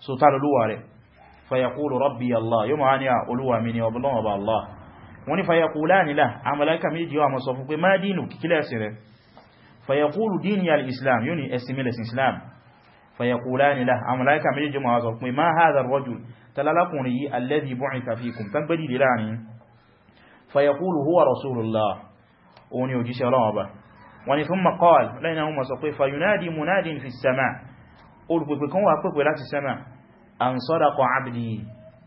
so ta lọ́lọ́wà rẹ̀ fayakulu rabbi allah yóò máa ní à olúwa mi ni ọbọ̀lọ́wọ̀ bá allah wọ́n ni fayakula nílá a mọ̀láíkà méjì yóò àmọ́ sọ fún pé má dínú kíkílẹ̀ sí rẹ̀ fayakulu dini al-islam yóò ni ẹsìmílẹ̀sì islam fayakula nílá a méjì yóò máa sọ pé má olùpèpè kan wà pèpè láti sẹ́mà an sadaqa abdi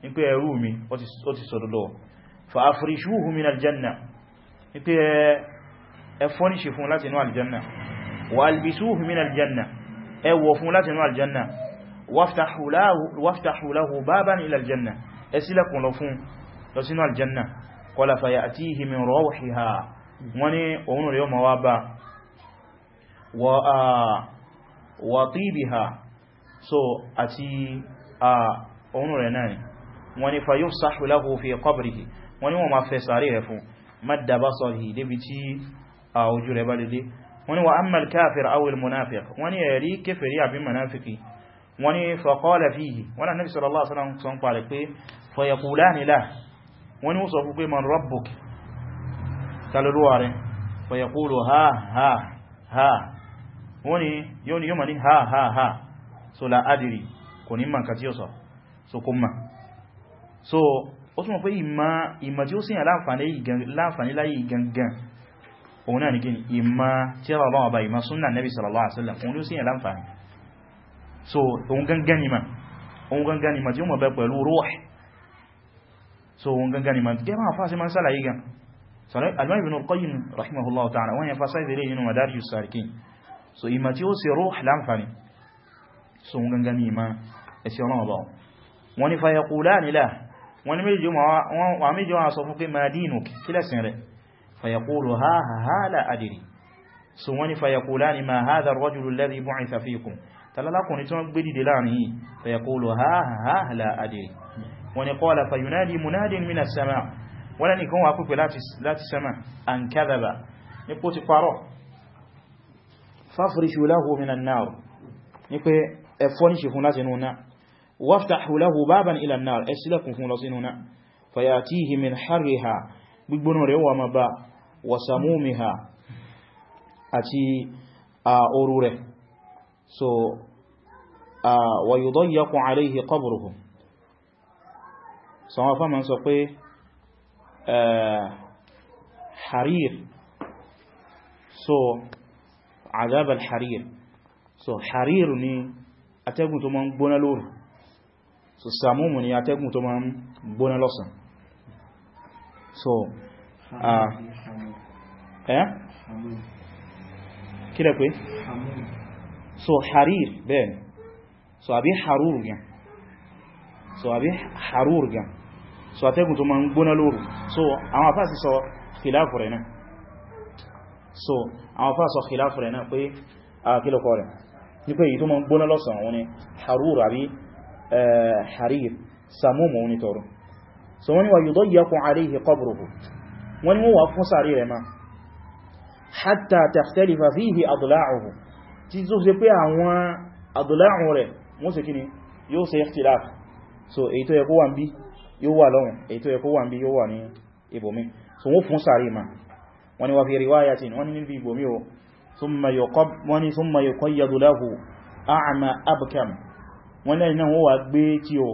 ní pé ẹrú mi ó ti sọ̀dọ̀lọ́ fa afrishuhu min aljanna ní pé ẹfọ́níṣe fún láti inú aljanna wa albisuhu min aljanna ẹwọ fún láti inú aljanna waftahu lahu baban ila aljanna ẹ ṣílẹ̀kùn lọ fún lọ sínú aljanna qala fa ya'tihi wa tibiha so àti ọ̀run rẹ̀ náà ni wọ́n ni fa yufsahu lahu fi qabrihi wọ́n ni wọ́n ma fẹ́ sàárè rẹ̀ fún madda basarihi débi tí a ojú rẹ̀ bá dédé wọ́n ni wa ammal kafir awil munafiq wọ́n ni ẹ̀rí kèfèrí àbí munafiki wọ́n ni fa qala fihi wọ́n na nabi sallallahu alaihi wasallam sọ pàlẹ̀ pé fa yaqulani lahu wọ́n so la adìrí kò ní mọ̀ nǹkan tí ó sọ so kò mọ̀ so ó túnmọ̀ pé ìmọ̀ tí ó síyàn láǹfàní láyé gangan òun náà ní gini ìmọ̀ tí ọ̀rọ̀ ọlọ́wọ́ bá ìmọ̀ súnnà nẹ́bí sallallahu alaihi wasallam òun ló síyàn láǹfàní so òun gangan ni ma òun gangan ni ma tí ó mọ̀ bẹ pẹ̀lú ruh so òun gangan ni ma gẹ́ máa fásí ma ń sálàyé gan Al-Imam Ibn al-Qayyim rahimahullahu ta'ala wọ́n láǹfàní so n gangan ní ìmá ẹ̀sẹ̀ ọlọ́wọ́ bá wọn ni fayaqulani la wọn ni méjì wọn sọ fún pé ma dinuk kílẹ̀sìn rẹ̀ fayaqulu ha ha ha la adiri so wọn ni fayaqulani ma hadha ar-rajulu alladhi bu'itha fikum talalakunrin tí wọ́n gbé dìde láàrin yìí fayaqulu ha ha ha la adiri ẹfọ́n ṣe fún láti núna waftahu lahu baban ila an-nar ẹsílẹ̀kùn fún lọ́sí núna fayatihi min harriha gbígbónú rẹ̀ wà maba wa samumiha àti a oru rẹ̀ so wa yudayyaqu alayhi qabruhu sọwọ́n fama sọ pé harir so azab al-harir so harir ni atẹ́gùn tó ma ń gbóná lóru so sàmúmù ni atẹ́gùn tó ma ń gbóná lọ́sàn so ẹ́ kí lẹ́ pé so harir bẹ́ẹ̀ so abi harur gan so abi harur gan so atẹ́gùn tó ma ń gbóná lóru so àwọn afá sì sọ khilafu rẹ̀ náà so àwọn afá sọ khilafu rẹ̀ náà pé àkílọ̀kọ́ rẹ̀ ní pé èyí tó ma ń gbóná lọ́sàn àwọn ni harur àbí harir samumu ní tọrọ so wọ́n ni wà yudayaqu alayhi qabruhu wọ́n ni wọ́n wà fún sàárì rẹ̀ ma hatta takhtalifa fihi adla'uhu tí tó ṣe pé àwọn adla'u rẹ̀ wọ́n ṣe kíni yóò ṣe ikhtilaf so èyí tó yẹ ni wà fi riwayatin wọ́n ni níbi ibòmí o ثم يقيد له أعمى أبكم wọ́n lẹ́yìn náà wọ́n wà gbé tí o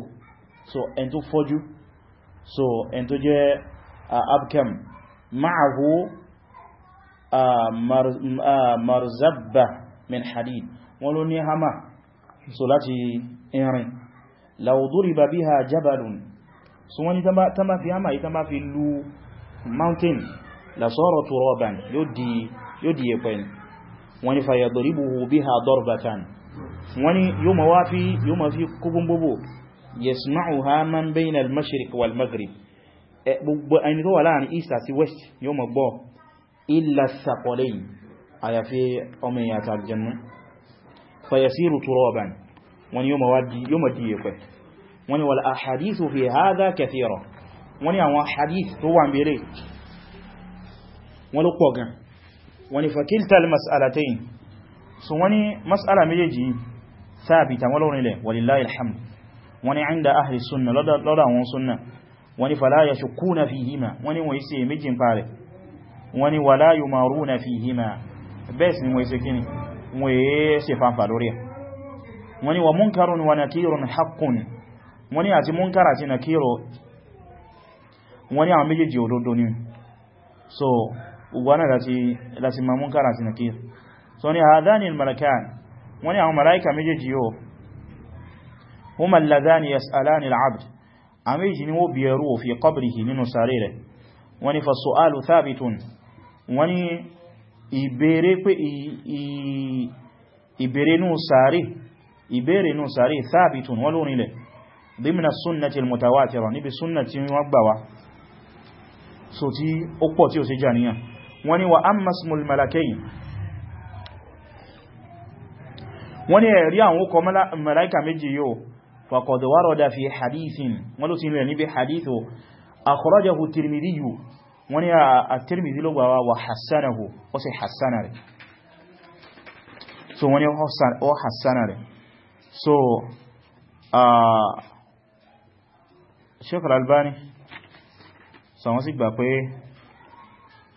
so ẹn tó fọ́jú so ẹn tó jẹ́ abkam ma'ahu marzabba min hadid wọ́n ló ní hama so láti irin law duriba biha jabalun so wọ́n ni ta ma fi hama ita ma fi lu mountain la sara turaban yóò di yẹ̀pẹ̀ ni wọ́n ni fayadribuhu biha darbatan wọ́n ni yóò ma wá fi yóò ma fi kúgbùn gbogbo yasma'uha man bayna al-mashriq wal-maghrib gbogbo ẹni tó wà láàrin east àti west yóò ma gbọ́ illa as-saqalayn àyàfi ọmọ èyàn àti aljannu fayasiru turaban wọ́n ni yóò ma di yẹ̀pẹ̀ wọ́n wal ahadithu fi hadha kathira wọ́n ni hadith tó wà ń bèèrè wọ́n gan wani fakiltal mas'alatain so wani mas'ala méjèèjì thabita wọ́n lórin ilẹ̀ walillahi alhamd wani inda ahli sunna lọ́dọ̀ àwọn sunna wani fala yashukuna fihima wani wọ́n isi méjìn pare wani wala yumaruna fihima bẹ́ẹ̀sì ni wọ́n isi kini wọ́n yí se fanfa lórí wani wa munkarun wa nakirun haqqun wani àti munkara àti nakiro wani àwọn méjèèjì òdodo ni so ugbana láti ma munkara àti nakir so ni hadani al-malakan wani àwọn malaika méjèèjì yóò huma alladhani yas'alani al-abd ameji ni wo biyaru fi qabrihi nínú sare rẹ̀ wani fa su'alu thabitun wani ìbéèrè pé ìbéèrè nu sare ìbéèrè nu sare thabitun wọ́n lórí dimna sunnati al-mutawatira níbi sunnati wọ́n gbà so tí ó pọ̀ tí ó ṣe janiyan wọ́n ni wa ammasmul malakayn wọ́n ni ẹ̀rí àwọn okọ̀ malaika méjì yóò faqad warada fi hadithin wọ́n ló ti rẹ̀ níbi hadithu akhrajahu tirmidhiyu wọ́n ni a ah, tirmidhi ló gbàwa wa hassanahu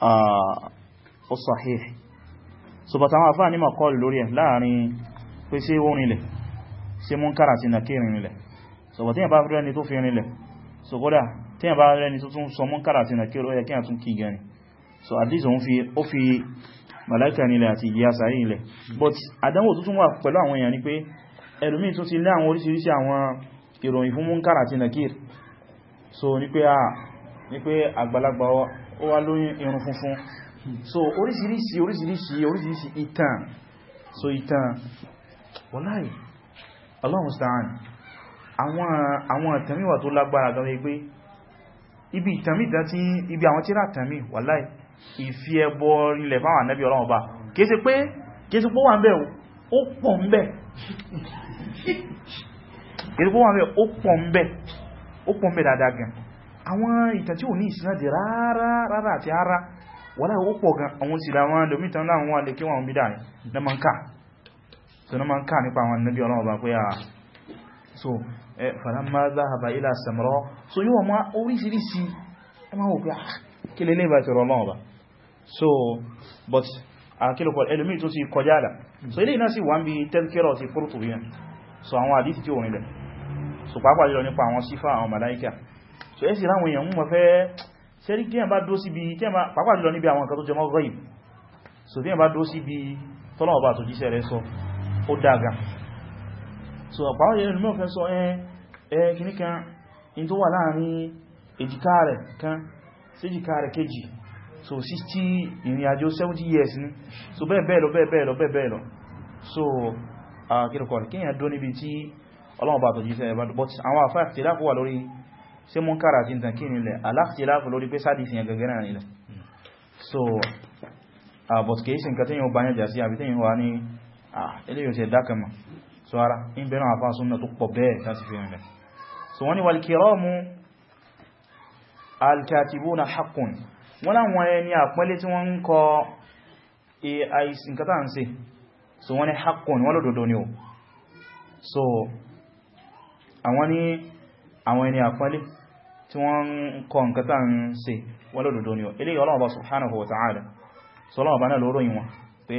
ó sahih so bàtà àwọn àfáà ní ma kọ́ lórí ẹ̀ láàrin pé sí ó rinlẹ̀ sí munkara sí nàkí rinlẹ̀ so bàtà yẹn bá rí ẹni tó fi rinlẹ̀ so kódà tí yẹn bá rí ẹni tó tún sọ munkara sí nàkí ó yẹ kí yẹn tún kí gẹni so at least ó fi màláìkà nílẹ̀ àti ìyá sàárì ilẹ̀ but àdánwò tó tún wà pẹ̀lú àwọn èèyàn ni pé ẹlòmí tó ti lé àwọn oríṣiríṣi àwọn ìròyìn fún munkara àti nàkír so ní ah, ó wá lóyún irun funfun so oríṣiríṣi oríṣiríṣi oríṣiríṣi ìtàn so ìtàn wọ́láì Allahu musta'an àwọn àwọn ìtànmíwà tó lágbára gan wípé ibi ìtànmíta tí ibi àwọn tíra tànmí wọ́láì ìfi ẹbọ rílẹ̀ fáwọn ànábì Ọlọ́run bá kéèsí pé kéèsí pó wà ń bẹ̀ ó pọ̀ ń bẹ̀ kéèsí pó wà ń bẹ̀ ó pọ̀ ń bẹ̀ ó pọ̀ ń bẹ̀ dáadáa gan àwọn ìtàn tí ò ní ìsinadi rárá rárá àti ara wọ́n láì pọ̀ gan àwọn sílá wọn lómítàn láwọn wọn lè kí wọn bídá ní ma ká so ní ma ń ká nípa àwọn nabi ọlọ́wọ́ bá pé àà so falamma dhahaba ila samra so yíò ma oríṣiríṣi ẹ ma wò pé kí lè lébà ìtọrọ ọlọ́wọ́ so but akílùpọ̀ ẹlòmí tó sì kọjá àlà so ilé iná sì wà ń bi tẹ́lkẹ́rọ̀ sí fúrùtù so àwọn àdíṣì tí ò nílẹ̀ so pàápàá jùlọ nípa àwọn sífà àwọn màláíkà so ẹ́ sì ráwọn èèyàn mú mọ̀ fẹ́ sẹ́rí tí ẹ̀ bá dó síbi tí ẹ̀ pàápàá jùlọ níbi àwọn nǹkan tó jẹ mọ́ gọ́yìn so tí ẹ̀ bá dó síbi tọ́lọ̀ọ̀bá àtòjíṣẹ́ rẹ̀ sọ ó dága so àpáwọn èèyàn mọ́ fẹ́ sọ ẹ kìní in tó wà láàrin years ni so bẹ́ẹ̀ bẹ́ẹ̀ lọ bẹ́ẹ̀ bẹ́ẹ̀ so kílùkọ̀ kíyàn dó níbi tí ọlọ́ọ̀bá àtòjíṣẹ́ rẹ̀ bá dùbọ́t àwọn àfáà tẹ́lápọ̀ wà lórí ṣe mún kára àti ìtànkí nílẹ̀ aláàkìláàfù lórí pe sádìsì yẹn gẹ̀gẹ̀ náà nílẹ̀ so but kìí sí nǹkan tí yíò bá yẹn jà sí àbí tí yíò wá ní iléyò so ara in bẹ̀rẹ̀ àfá súnnà tó pọ̀ bẹ́ẹ̀ láti fi rìnlẹ̀ so wọ́n ni walkiramu alkatibuna haqqun wọ́n láwọn ẹni àpẹẹlẹ́ tí wọ́n ń kọ ai nǹkan tá ń so wani ni haqqun wọ́n lódodo ni o so àwọn ni àwọn ẹni àpẹẹlẹ́ tí wọ́n ń kọ nǹkan tàà ń ṣe wọ́n lòdòdó ni ilé ọlọ́ọ̀bá subhanahu wa ta'ala sọlọ́ọ̀bá náà lóró yìnwọ̀n pé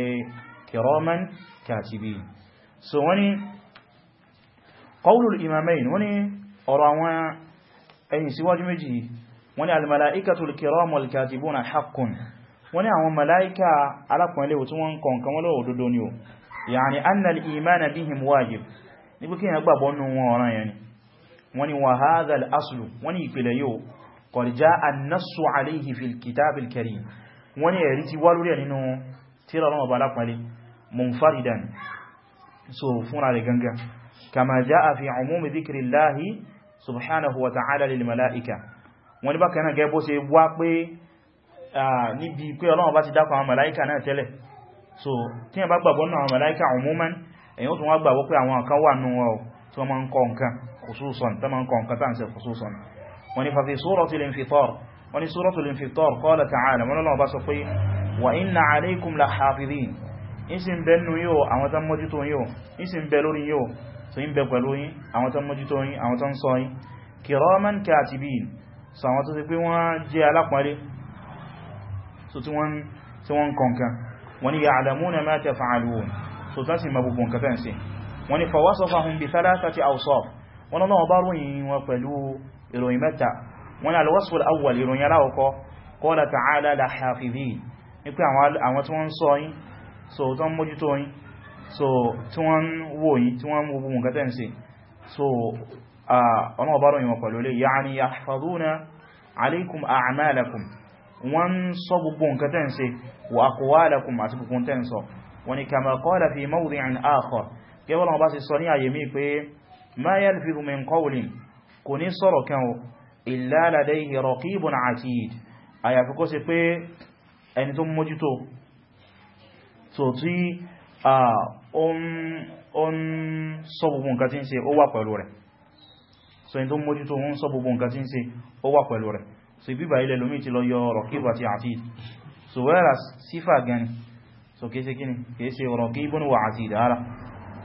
kiraman katibin so wani qawlul imamain wani ọ̀rọ̀ àwọn ẹ̀yìn síwájú méjì wani almala'ikatul kiramul katibuna haqqun wani àwọn mala'ika alákùnrin tí wọ́n kọ nǹkan wọ́n ni wọ́n ni wa hadha al-aslu wọ́n ni ìpìlẹ̀ yóò qad ja'a an-nassu alayhi fil kitab al-karim wọ́n ni ẹ̀rí ti wá lórí ẹ̀ nínú tíra lọ́wọ́ bá lápàálé munfaridan so fúnra rẹ̀ bá kanáà àwọn mala'ika náà tẹ́lẹ̀ so tí wá gbàgbọ́ pé àwọn kan wà nù tí wọ́n máa ń kọ nǹkan خصوصاً تمام كون كتان سي خصوصا وني ففي سورة الانفطار وني سورة الانفطار قال تعالى وني الله بصفي وإن عليكم لحافظين إنسان بنو يو أما تموجتون يو إنسان بلوري يو سين بقلوي أما تموجتون أما تنصي كراما كاتبين سأما تتكوي وجي على قمالي ستوان سوان كونكا وني يعلمون ما تفعلون ستاسي مبوبون كتانسي وني فوصفهم بثلاثة أوصاف wọ́n lọ́nà ọba ròyìn wọn pẹ̀lú ìròyìn mẹ́ta wọ́n al-wasf al-awwal ìròyìn aláwọ̀kọ́ qala ta'ala la hafidhin ní pé àwọn tí wọ́n ń ṣọ́ yín so tó ń mójútó yín so tí wọ́n wò yín tí wọ́n gbogbo nǹkan tẹ́ so ọ̀nà ọba ròyìn wọn pẹ̀lú ilé ya'ni yahfadhuna alaykum a'malakum wọ́n ń gbogbo nǹkan tẹ́ ń ṣe wa àti gbogbo tẹ́ sọ wọ́n ni kama qala fi mawdi'in akhar kẹwọ́n bá sì sọ ní àyèmí pé ma yalfidhu min qawlin kò ní sọ̀rọ̀ kan o illa ladayhi raqibun atid àyàfi kó ṣe pé ẹni tó mójútó so tí a ó ń sọ gbogbo nǹkan tí ń ṣe ó wà pẹ̀lú rẹ̀ so ẹni tó mójútó ń sọ gbogbo nǹkan ń ṣe ó wà pẹ̀lú rẹ̀ so ibíbà ilẹ̀ lómi ti lọ yọ raqib àti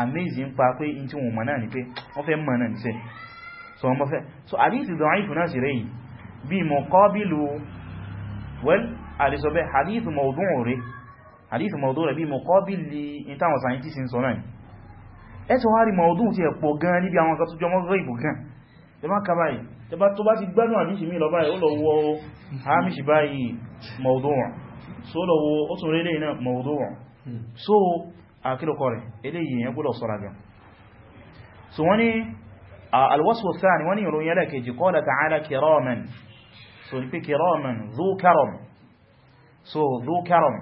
amaze ń pa pé in tí wọ́n mọ̀ náà ni pé wọ́n fẹ́ mọ̀ náà ni sẹ́ so wọ́n mọ́ fẹ́ so hadithu da'ifu náà sì rẹ̀ yìí bí muqabilu well hadith, hadithu mawdu'u hadith, hadithu mawdu'u rẹ̀ bí muqabili in táwọn scientist ń sọ náà ni ẹ tó wá rí mawdu'u ti ẹ̀pọ̀ gan níbi àwọn kan tó jọmọ́ rẹ̀ ìbò gan tẹ bá ká báyìí tẹ bá tó bá ti gbádùn hadith, mi lọ báyìí ó lọ wọ hamish báyìí mawdu'u so lọ wọ ó tún rẹ̀ lẹ́yìn náà mawdu'u so akílòkọ́ ah, rẹ̀ eléyìí yẹn gbọ́dọ̀ sọ́ra gan so wọ́n ni ah, alwasfu thani wọ́n ni ìròyìn ẹlẹ́kejì qala ta'ala kiraman so ní pé kiraman dhu karam so dhu karam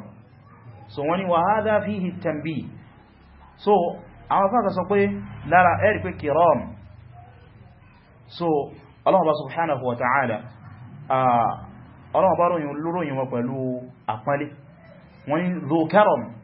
so wọ́n ni wa hadha fihi tanbih so àwọn fáka sọ pé lára ẹ̀rì pé kiram so Allah subhanahu wa ah, wọ́n ni dhu karam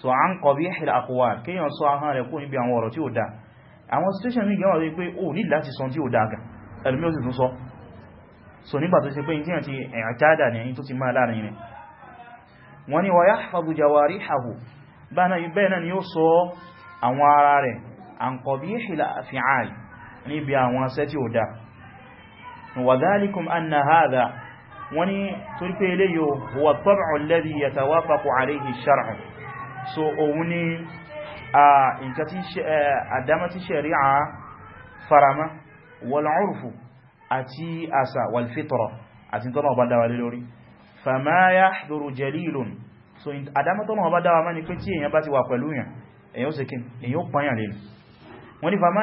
so an qabih al aqwal kéèyàn sọ ahọ́n rẹ̀ kó níbi àwọn ọ̀rọ̀ tí ó dá àwọn situation mi gẹ́wà wípé ó ní láti sọ tí ó dá gan ẹlùmí ó sì tún sọ so nígbà tó ṣe pé ìtíyàn ti ẹ̀yàjádà ní tó ti máa láàrin rẹ̀ wọ́n ni wa yahfazu jawarihahu bẹ́ẹ̀ náà ni ó sọ àwọn ara rẹ̀ an qabih al af'al níbi so òun ni àdámá tí ṣẹ̀rí'à farama wal-urfu àti àṣà wal-fitra àti tọ́nà ọba dáwà lé lórí fama yahduru jalilun so àdámá tọ́nà ọba dáwà má ní pé tí èyàn bá ti wà pẹ̀lú yàn èyàn ó ṣe kí èyàn ó pààyàn lè wọ́n ni fama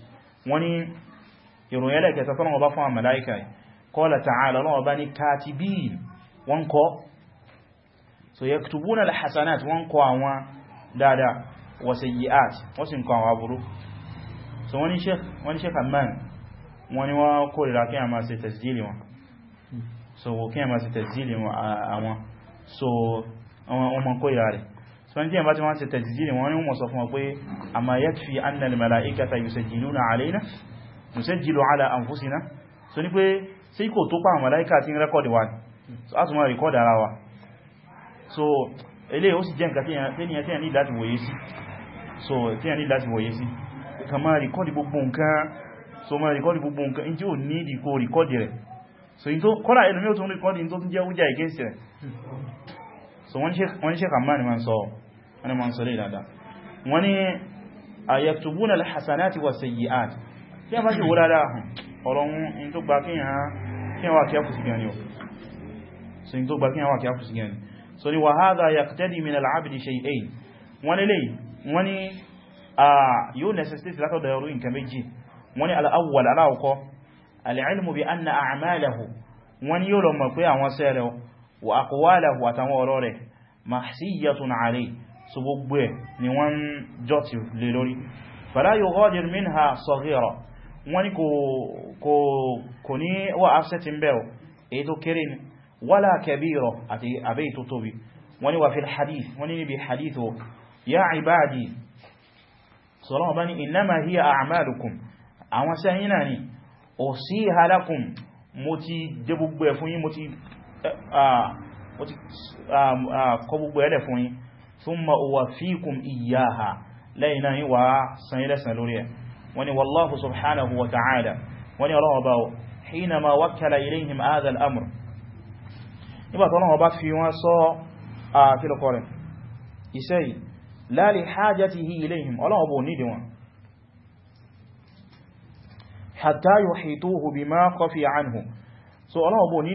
wọ́n ní ìròyìn ẹlẹ́kẹta tọ́nà ọba fún àmàláìkà qala ta'ala lọ́wọ́ bá ní katibin wọ́n kọ́ so yaktubuna alhasanat wọ́n kọ́ àwọn dáadáa wa sayyi'at wọ́n sì kọ́ àwọn aburú so wọ́n ní sheikh amman wọ́n ní wọ́n kó rira kí a máa ṣe tasjili wọ́n kí wọ́n kó rira rẹ̀ sọ́njí ẹ̀bá tí wọ́n ṣe tẹ̀jìjì ni wọ́n ní mọ̀ sọ fún ọ pé amma yakfi anna al-mala'ikata yusajjiluna alayna nusajjilu ala anfusina so ní pé sí kò tó pàwọn mala'ika tí ń rẹ́kọ̀dì wa so a tún mọ́ rẹ́kọ̀dì ara wa so ilé ó sì jẹ́ nǹkan tí yẹn ní láti wòye sí so tí yẹn ní láti wòye sí ka máa rẹ́kọ̀dì wọ́n ṣe kàmá ma ń sọ wọ́n ma ń sọ lè dáadáa wọ́n ni ayaktubuna alhassanati wa sayyi'at tí a bá ṣe wó dáadáa hàn ọ̀rọ̀ ohun tó gbà kí yàn wà kí á fùsí gani so ni wa hadha yaqtadi min al'abdi shay'ayn wọ́n ni lèyí wọ́n ni a yóò necessitate látọ̀ da yọrù méjì wọ́n ni al'awwal aláwọ̀kọ́ al'ilmu bi anna a'malahu wọ́n yóò lọ mọ̀ pé àwọn sẹ́rẹ̀ wa aqwalahu àtàwọn ọ̀rọ̀ rẹ̀ mahsiyatun alayhi so gbogbo ẹ̀ ni wọ́n jọ ti lè lórí fala yughadir minha saghira wọ́n ni kò ní wà afsẹ́tì ń bẹ̀rọ èyí tó kéré ni wala kabira àti àbẹ́ tó tóbi wọ́n ni wà fil hadith wọ́n ni níbi hadith o ya ibadi sọ́lọ́wọ́ bá ní innama hiya a'malukum àwọn thumma uwafikum iyyaha lẹ́yìn náà yíwa san ilẹ̀sàn lórí ẹ̀ wọ́n ni wallahu subhanahu wa ta'ala wọ́n ni ọlọ́wọ́ bá o hina ma wakkala ilayhim hadha al-amr nígbà tó lọ́wọ́ bá fi wọ́n sọ a kílọ̀kọ́rẹ̀ iṣẹ́ la li hajatihi ilayhim ọlọ́wọ́ bó nídi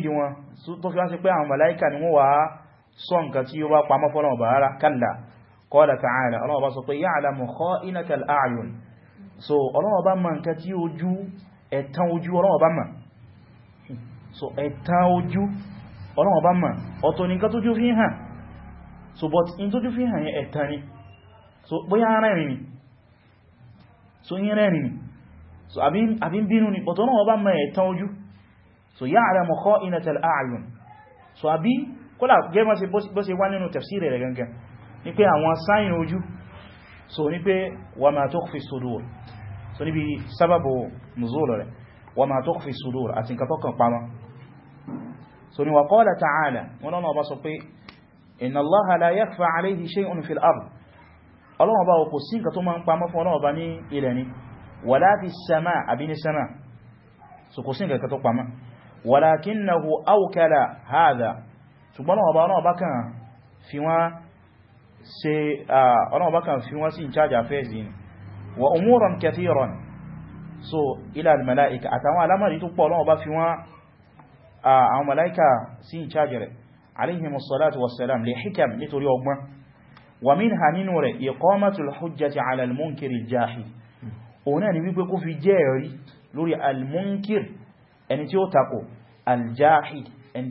wọn sọ nǹkan tí ó bá pamọ́ fọ́lọ́wọ́ bá rárá kalla qala ta'ala ọlọ́wọ́ bá sọ pé ya'lamu kha'inatal a'yun so ọlọ́wọ́ bá ma nǹkan tí ojú ẹ̀tàn ojú ọlọ́wọ́ bá ma so ẹ̀tàn ojú ọlọ́wọ́ bá ma ọ̀tọ̀ nìkan tójú fi hàn so but in tójú fi hàn yẹn ẹ̀tàn ni so bóyá rẹ̀rìn ni so yín rẹ̀rìn ni kọ́lá gẹ́mọ́ sí bó ṣe wá nínú tafsiri rẹ̀ gangan ní pé àwọn sáyìn ojú so ní pé wa ma tukhfi sudur so níbi sábàbò nuzul rẹ̀ wa ma tukhfi sudur àti nǹkan tó kàn pamọ́ so ni wa qala ta'ala wọn náà bá sọ pé inna Allaha la yakhfa alayhi ṣùgbọ́n ọlọ́wọ́ bá kàn fi wọ́n sí ìjájà fẹ́ẹ̀sì ni wa umuran kathiran so ila al-mala'ika àtàwọn alamari tó pọ̀ ọlọ́wọ́ bá fi wọ́n àwọn mala'ika sí ìjájà rẹ̀ alayhimu salatu wassalam li hikam nítorí ọgbọ́n wa minha nínú rẹ̀ iqamatul hujjati ala al-munkir al ni wípé kó fi jẹ́ ẹ̀rí lórí al-munkir ẹni tí tako al-jahi ẹni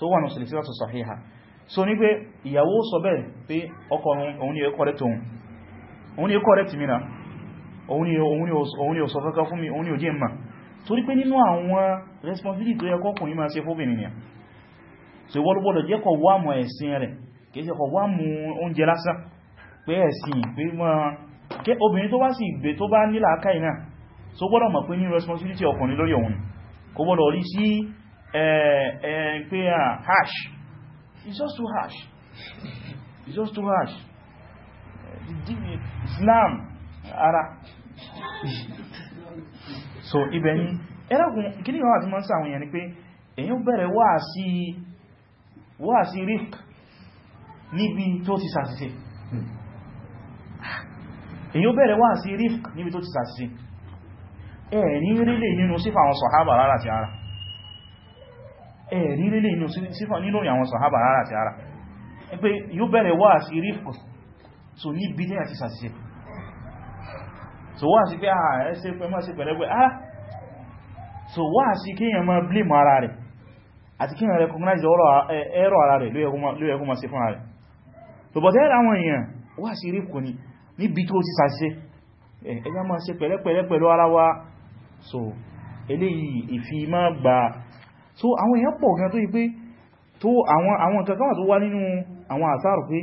so wà ní silsilatu sahiha so ní pé ìyàwó sọ bẹ́ẹ̀ pé ọkọ òun ni ẹkọ́ rẹ̀ tóun òun ni ẹkọ́ ni ò sọ kankan fún mi òun ni ò jẹ́ mà torí pé nínú àwọn responsibility tó yẹ kọ́kùnrin máa ṣe fóbìnrin nìyàn so ìwọ́n lọ́gbọ́dọ̀ jẹ́ kọ̀ wá mọ̀ ẹ̀sìn rẹ̀ kìí ṣe kọ̀ wá mú oúnjẹ lásán pé ẹ̀sìn pé wọ́n kí obìnrin tó ní responsibility ọkùnrin lórí òun kò gbọ́dọ̀ Eh, eh, pé à harsh it's just too harsh it's just too harsh eh, Islam ara so ibẹ̀ ni ẹlẹ́gùn kìí wà tí ma ń èèyàn ni pé èyàn bẹ̀rẹ̀ wà sí rifk níbi tó ti sàṣìṣe èyàn bẹ̀rẹ̀ wà sí rifk níbi tó ti sàṣìṣe ẹ̀ ní rí nínú sífà àwọn sọ̀hábà rárá ti ara ẹ̀rí lélẹ̀ inú sífà nínú àwọn sàhábà rárá sí ara pé yóò bẹ̀rẹ̀ wá sí rífkù so ní ibi ní àti sàṣíṣẹ́ so wá sí pé àà ah, ẹsẹ́ pẹ́ máa sí pẹ̀lẹ́gbẹ́ ah so wá sí kíyàn máa blame ara rẹ̀ àti kíyàn recognize ẹ̀rọ ara rẹ̀ ló yẹ kó máa ṣe fún ara rẹ̀ so bọ̀ tẹ́rẹ àwọn èèyàn wá sí rífkù ni níbi tó ti sàṣíṣẹ́ ẹjá máa ṣe pẹ̀lẹ́pẹ̀lẹ́ pẹ̀lú ara wa so eléyìí ìfi máa gbà so àwọn èèyàn pọ̀ gan tó yí pé tó àwọn àwọn nǹkan kan wà tó wá nínú àwọn àsáàrù pé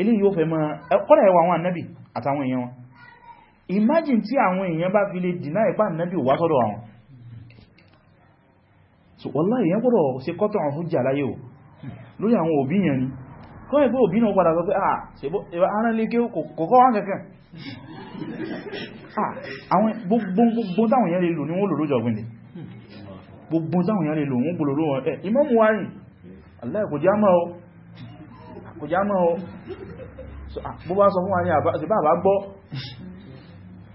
eléyìí yóò fẹ́ mọ́ kọ́lẹ̀ ẹwà àwọn annabi àtàwọn èèyàn wọn imagine tí àwọn èèyàn bá fi lè dìná ìpá annabi wá sọ́dọ̀ àwọn so wallahi èèyàn gbọ́dọ̀ ṣe kọ́tọ̀ àwọn hujja láyé o lórí àwọn òbí yẹn ni kọ́ ẹ̀kọ́ òbí náà padà sọ pé ah ṣe bá ara lé kọ́kọ́ wá kẹ́kẹ́ ah àwọn gbogbo táwọn èèyàn lè lò ní wọ́n lò lójọ́ gbìndì gbogbo táwọn yàrá lò ń gbòlòrò wọn ẹ̀ Imam Buhari Allah kò já mọ́ o kò já mọ́ o ah, bó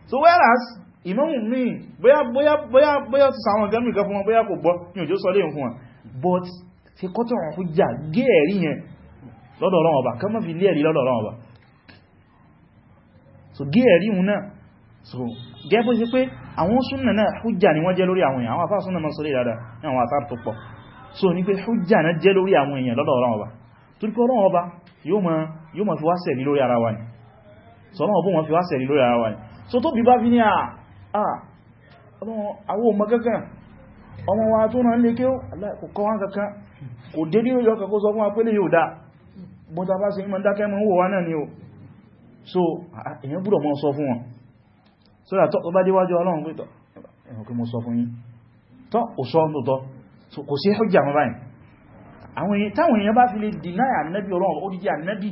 so whereas Imam mi bóyá bóyá bóyá bóyá ti sàwọn gẹ́mì kan fún wọn bóyá kò gbọ́ ní òjò sọ léyìn but fi kọ́tọ̀ wọn fún jà gé ẹ̀rí yẹn lọ́dọ̀ Ọlọ́run ọba kọ́ mọ́ fi lé ẹ̀rí so gé ẹ̀rí hun náà so gẹ́gbó sí pé àwọn súnnà náà hujja ni wọ́n jẹ́ lórí àwọn èèyàn àwọn afá súnnà mọ́sílẹ̀ dada ní àwọn àtàrí tó pọ̀ so ní pé hujja náà jẹ́ lórí àwọn èèyàn lọ́dọ̀ ọ̀rọ̀ ọba torí pé ọ̀rọ̀ ọba yóò ma fi wá sẹ̀rí lórí ara wa ni so ọ̀rọ̀ ọba wọn fi wá sẹ̀rí lórí ara wa ni so tó bí bá fi ní àwọn ọmọ so èèyàn gbọ́dọ̀ mọ́ sọ fún wọn so that tó bá díwájú Ọlọ́run pé tọ́ ẹ̀hùn kí mo sọ fún yín tọ́ ò sọ ọ́n tó tọ́ kò sí hujja wọn báyìí àwọn èyí táwọn èyàn bá fi deny ànábì Ọlọ́run odidi ànábì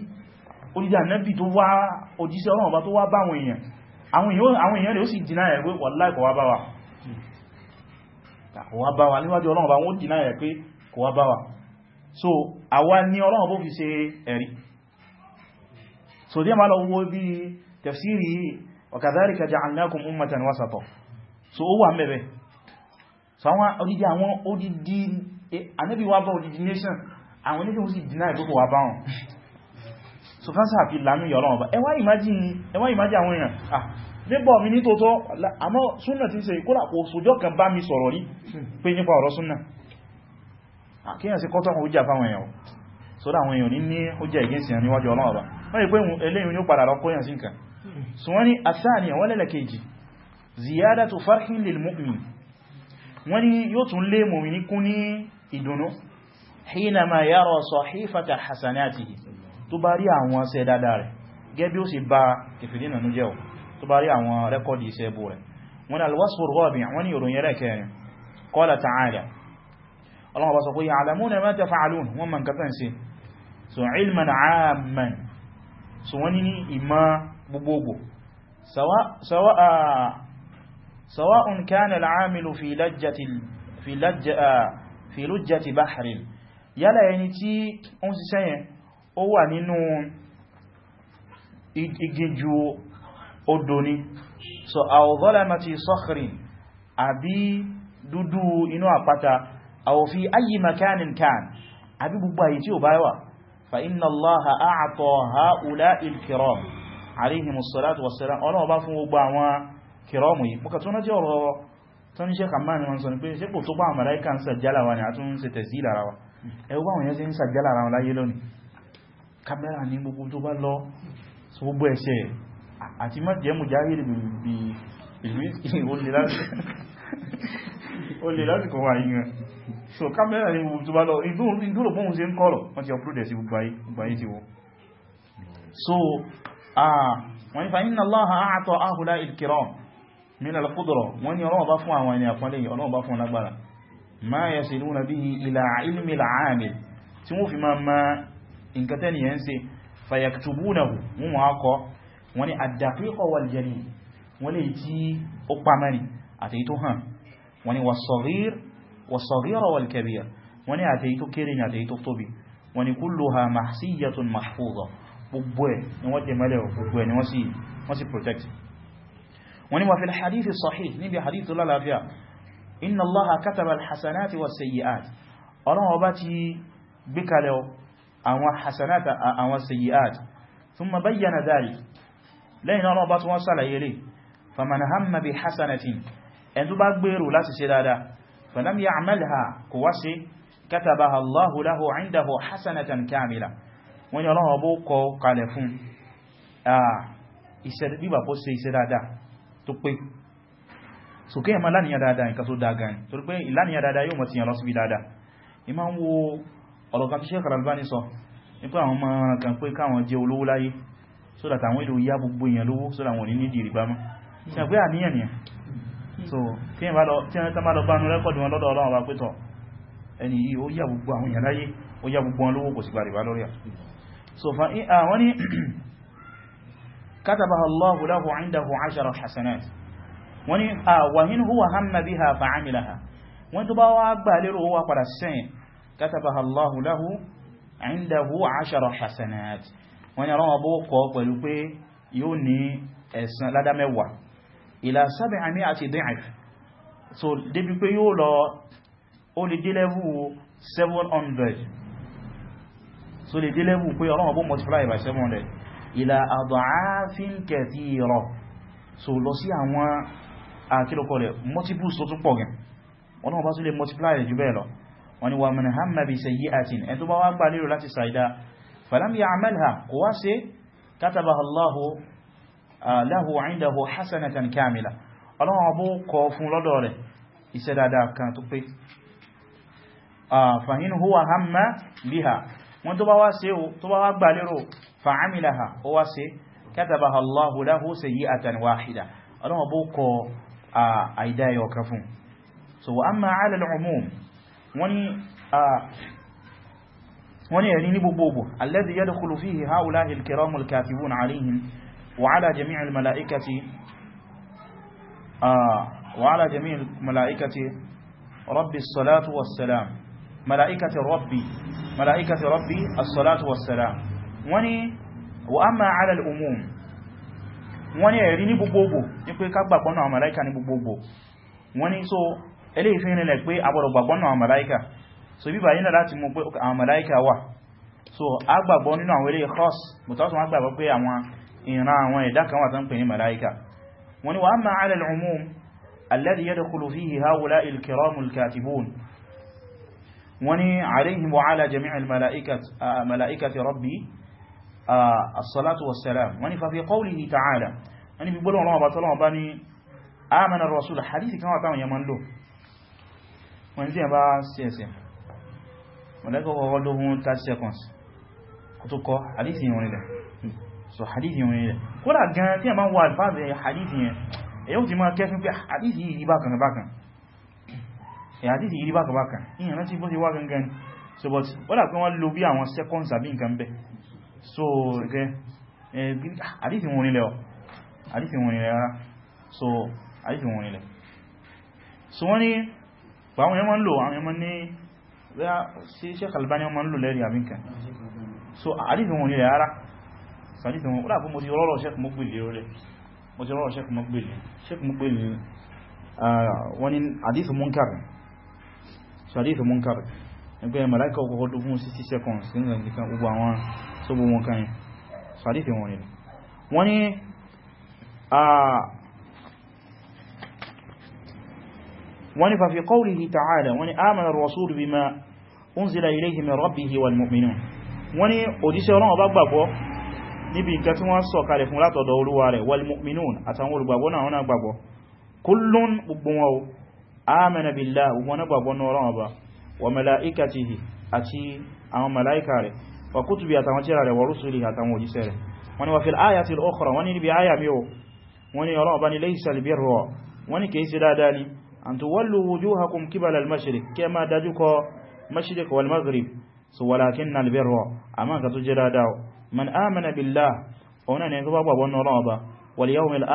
odidi ànábì tó wá òjíṣẹ́ Ọlọ́run bá tó wá bá àwọn èyàn àwọn èyàn deny ẹ̀ pé wallahi kò wá bá wa kò wá deny ẹ̀ pé kò wá so àwa ni Ọlọ́run bó fi ṣe ẹ̀rí so díẹ̀ máa lọ wo bí tafsiri وكذلك جعلناكم أمة وسطا so ó wà mẹ́rẹ̀ so àwọn odidi àwọn odidi anẹ́bí e, wà bá odidi nation àwọn oníkẹ́ sí dínà ìgbókò wà bá so kánsà fi lánú yọ ọlọ́wọ́ ẹ wá imagine ẹ wá imagine àwọn èèyàn ah nígbọ́ mi ní tótọ́ àmọ́ súnà ti ṣe kódà kò sójọ́ kan bá mi sọ̀rọ̀ rí pé nípa ọ̀rọ̀ súnà kíyàn sí kọ́tọ̀ àwọn òjá fáwọn èèyàn sódà so wọ́n ni asáàni àwọn lẹ́lẹ̀kejì ziyadatu farhin lil mu'min wọ́n ni yóò tún lé mọ̀mìní kún ní ìdùnnú hina ma yara sahifata hasanatihi tó bá rí àwọn ṣe dáadáa rẹ̀ gẹ́ bí ó sì bá kèfèrí nínú jẹ́ ò tó bá rí àwọn rẹ́kọ́dì iṣẹ́ bú rẹ̀ wọ́n ni alwasfur gbogbogbò sawa'un kana al'amilu fi lajjati fi lajja fi lujjati bahrin yálà ẹni tí ó ń ṣiṣẹ́ yẹn ó wà nínú iginjú odò ni so aw zalamati sakhrin àbí dúdú inú àpáta aw fi ayi makanin kan àbí gbogbo àyè tí ó bá fa inna allaha a'ta ha'ula'i al-kiram alayhimu salatu wassalam ọlọ́wọ́ bá fún gbogbo àwọn kìrọ́mù yìí pọ́kà tó náà jẹ́ ọ̀rọ̀ tó ní sẹ́kà máa ni wọ́n sọ ní pé sẹ́pò tó bá àmàláìkà ń sàjálà wa ni a tún ń ṣe tẹ̀sí lára wa ẹwọ́ àwọn yẹn sí ń sàjálà ara wọn láyé lónìí kámẹ́rà ní gbogbo tó bá lọ gbogbo ẹ̀ṣẹ̀ àti má jẹ́ mú jáhìrì ó lè lásìkò wà so Ah, wọ́n ni fa inna Allaha a'ta ahula al-kiram min al-qudra wọ́n ni ọlọ́ọ̀bá fún àwọn ẹni àfọ́lẹ̀ ọlọ́ọ̀bá fún lágbára ma yasiluna bihi ila ilmi al-amil tí wọ́n fi ma ma gbogbo ẹ̀ ni wọ́n tẹ mẹ́lẹ̀ gbogbo ẹ̀ ni wọ́n sì protect wọ́n ni wà fi hadithi sahih níbi hadith tó lálàáfíà inna allaha kataba alhassanati wa sayyi'at ọlọ́wọ́ bá ti gbé kalẹ̀ àwọn hassanata àwọn sayyi'at thumma bayyana dhalik lẹ́yìn ọlọ́wọ́ bá tún wọ́n sàlàyé rẹ̀ faman hamma bi hasanatin ẹn tó bá gbèrò láti ṣe dáadáa falam ya'malha kò wá sí katabaha lahu indahu hasanatan kamila wọ́n ni ọlọ́run ọbọ̀ kọ kalẹ̀ fún bíbà pọ́ ṣe iṣẹ́ dáadáa tó pé sókè ẹ̀mà lánìyàn dáadáa nǹkan tó dáa gan torí pé ìlànìyàn dáadáa yóò mọ̀ sí ìyànlọ́sí bí dáadáa ìmá ń wo ọ̀rọ̀ kan tí Sheikh Al-Albani sọ ya gbogbo èèyàn lówó so that wọn ní nídìí ìrìbá mọ́ a pé àníyàn nìyàn so tí wọ́n bá lọ bá nú rẹ́kọ̀dù wọn lọ́dọ̀ ọlọ́run wa pé tọ̀ ẹni yìí ó yà gbogbo àwọn èèyàn láyé ó yà gbogbo wọn kò sì gbà lórí à so fa àwọn ah, ni katabaha Allahu lahu 'indahu 'ashara hasanat wọ́n ni àwàhín ah, huwa hamma biha fa'amilaha wọ́n tó bá wá gbà lérò wá padà sẹ́yìn katabaha Allahu lahu 'indahu 'ashara hasanat wọ́n ni ránwọ́ bó kọ́ pẹ̀lú pé yóò ní ẹ̀san ládámẹ́wàá ila sab'ami'ati di'f so débi pé yóò lọ ó lè dé level 700 so lè dé level pé Ọlọ́run bó multiply by 700 ila ad'afin kathira so lọ sí àwọn àkílòkọ rẹ̀ multiples tó tún pọ̀ gan Ọlọ́run bá tún lè multiply rẹ̀ jù bẹ́ẹ̀ lọ wọ́n ni wa man hamma kan tó pé fa in huwa hamma wọ́n tó bá wá ṣe o tó bá wá gbà lérò fa'amilaha ó wá ṣe katabaha Allahu lahu sayyi'atan wahida ọlọ́wọ́ bó kọ àìdá ẹyọ kan fún so wa amma 'ala al-umum wọ́n ni ẹ̀rí ní gbogbogbò alladhi yadkhulu fihi ha'ula'i al-kiramu al-katibun 'alayhim wa 'ala jami'i malaikati rabbi salatu was ملائكة ربي ملائكة ربي الصلاة والسلام وني وأما على الأموم وني يريني بوبوبو يقول كبا قنع ملائكة بوبوبو وني سو إليه فين لك بي أبرو بقنع ملائكة so bí báyí náà láti mú pé àwọn màláíkà wà so agbàgbọ́ nínú àwọn ilé khas mọ̀tọ́sùn agbàgbọ́ pé àwọn ìran àwọn ẹ̀dá kan wà tán pè ní màláíkà wọ́n ni wa amma ala al alladhi yadkhulu fihi ha'ula'i al-kiramul katibun wọ́n ni alayhim wa ala jami'il ah, mala'ikati rabbi ah, as-salatu was-salam wọ́n ni fa fi qawlihi ta'ala wọ́n ni fi gbọ́lọ̀ ọlọ́wọ́ bá tọ́lọ́wọ́ bá ní amana rasul hadithi kan wata yamma wọ́n tí wọ́n nílẹ̀ so hadithi èyàn àti ìrí bákàbákà ìyàn láti bó ti wá gangan ni so but ó dà pé wọ́n lo bí àwọn seconds àbí nǹkan bẹ́ so rẹ̀ ah, àdífì wọn nílẹ̀ ọ̀ àdífì wọn nílẹ̀ ara so àdífì wọn nílẹ̀ so wọ́n ní pa àwọn ẹmọ́ ń lò àwọn ẹmọ́ ní sí Sheikh Albani wọ́n ń lò lẹ́rì àbí nǹkan so àdífì wọn nílẹ̀ ara so àdífì wọn ó dà pé mo ti rọ́rọ̀ Sheikh Muqbil rẹ̀ mo ti rọ́rọ̀ Sheikh Muqbil Sheikh Muqbil ah, wọ́n ní àdífì sàdífì munkar ẹgbẹ́ mẹ́láìkà ọkọ̀kọ́ tó 60 seconds nínú ìdíkan gbogbo àwọn sóbò wọn kan sàdífì wọn ni wọ́n ni wọ́n ni fàfi qawlihi ta'ala wọ́n ni amana ar-rasul bima unzila ilayhi min rabbihi wal mu'minun wọ́n ni òjíṣẹ́ Ọlọ́run bá gbàgbọ́ níbi nǹkan tí wọ́n sọ kalẹ̀ fún amana billah wọn na gbàgbọ́ ní ọ̀rọ̀ ọba wa mala'ikatihi àti àwọn mala'ika rẹ̀ wa kutubi àtàwọn tírà rẹ̀ wa rusulihi àtàwọn òjíṣẹ́ rẹ̀ wọ́n ni wa fil ayatil ukhra wọ́n ni níbi aya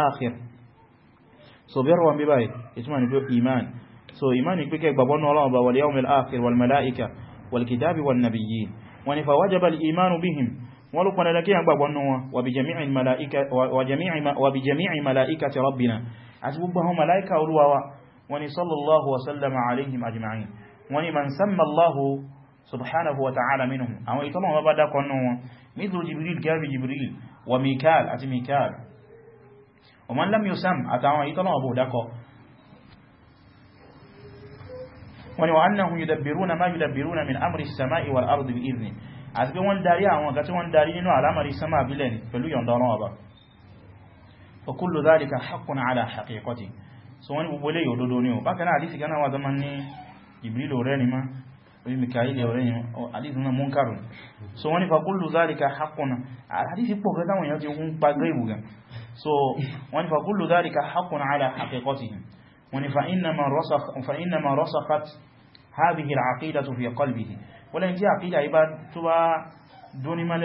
mi so bẹ́rọ wọn bí báyìí ìtumọ̀ ní pé iman so iman ní pé kẹ gbàgbọ́nà ọlọ́run bá wal yawmil akhir wal mala'ika wal kitabi wan nabiyyin wọ́n ni fa wajaba al imanu bihim wọ́n ló pọ̀nà dákíyàn gbàgbọ́nà wọn wa bi jami'i mala'ikati rabbina àti gbogbo àwọn mala'ika olúwawa wọ́n ni sallallahu wasallam alaihim wọn bá dákọ̀ nù wọn mithlu jibril gari ọmọ ńlá mi sam àtàwọn èyí tọ́lọ́wọ́ bó dákọ wọ́n ni wa annahum yudabbiruna ma yudabbiruna min amri as-sama'i wal ardi bi idhni àti pé wọ́n darí àwọn ọ̀gá tí wọ́n darí nínú àlámàrí sama àbílẹ̀ ni pẹ̀lú yọ̀ndọ̀ ọ̀rọ̀ ọba fa kullu dhalika haqqun ala haqiqati so wọ́n ni gbogbo lè yòdodo ní so wọ́n ní fàkúlù dhalika haqqun ala haqiqatihim wọ́n ní fa'inama rasakhat hadhihi al-aqidatu fi qalbihi wọ́n lẹ́yìn tí àkídà ibá tó bá dúnímọ́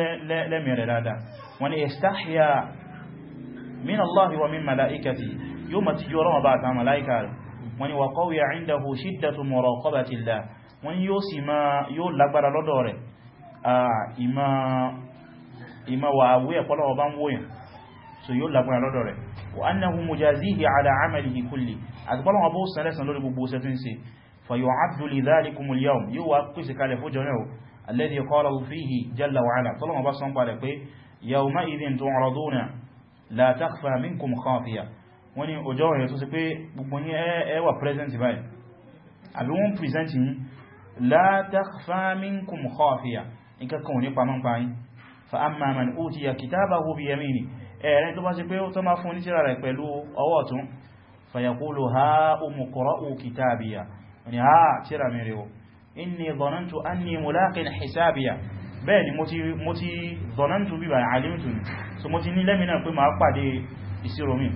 lẹ́mẹ̀rẹ̀ dáadáa wọ́n ní istahya min Allah wa min mala'ikatihi yóò ma ti yọ́rọ̀ bá ta mala'ika rẹ̀ wọ́n ní wa so yóò lágbára lọ́dọ̀ rẹ̀ wa annahu mujazihi ala amalihi kulli àtìpọ́lọ̀ wọn bó sẹ́lẹ̀sàn lórí gbogbo ṣe tí ń ṣe fa yu'addu li dhalikumul yawm yóò wá pèsè kalẹ̀ fún jọrẹ̀ o alladhi qala fihi jalla wa ala tọ́lọ̀ wọn bá sọ parẹ̀ pé yawma idhin tu'raduna la takhfa minkum khafiya wọ́n ni ọjọ́ rẹ̀ tó sì pé gbogbo ní ẹwà present báyìí àbí wọ́n present yìí la takhfa minkum khafiya nǹkan kan ò ní pamọ́ pa yìí fa amma man utiya kitabahu bi yamini ẹ̀rẹ́ tó bá ṣe pé ó tó máa fún oníṣẹ́ra rẹ̀ pẹ̀lú ọwọ́ ọ̀tún fayakulu ha umuqra'u kitabiya ni ha ah, tírà mi rẹ̀ o inni dhanantu anni mulaqin hisabiya bẹ́ẹ̀ ni mo ti dhanantu bíbà alimtu ni so mo ti ní lẹ́mìnà pé ma pàdé ìṣirò mi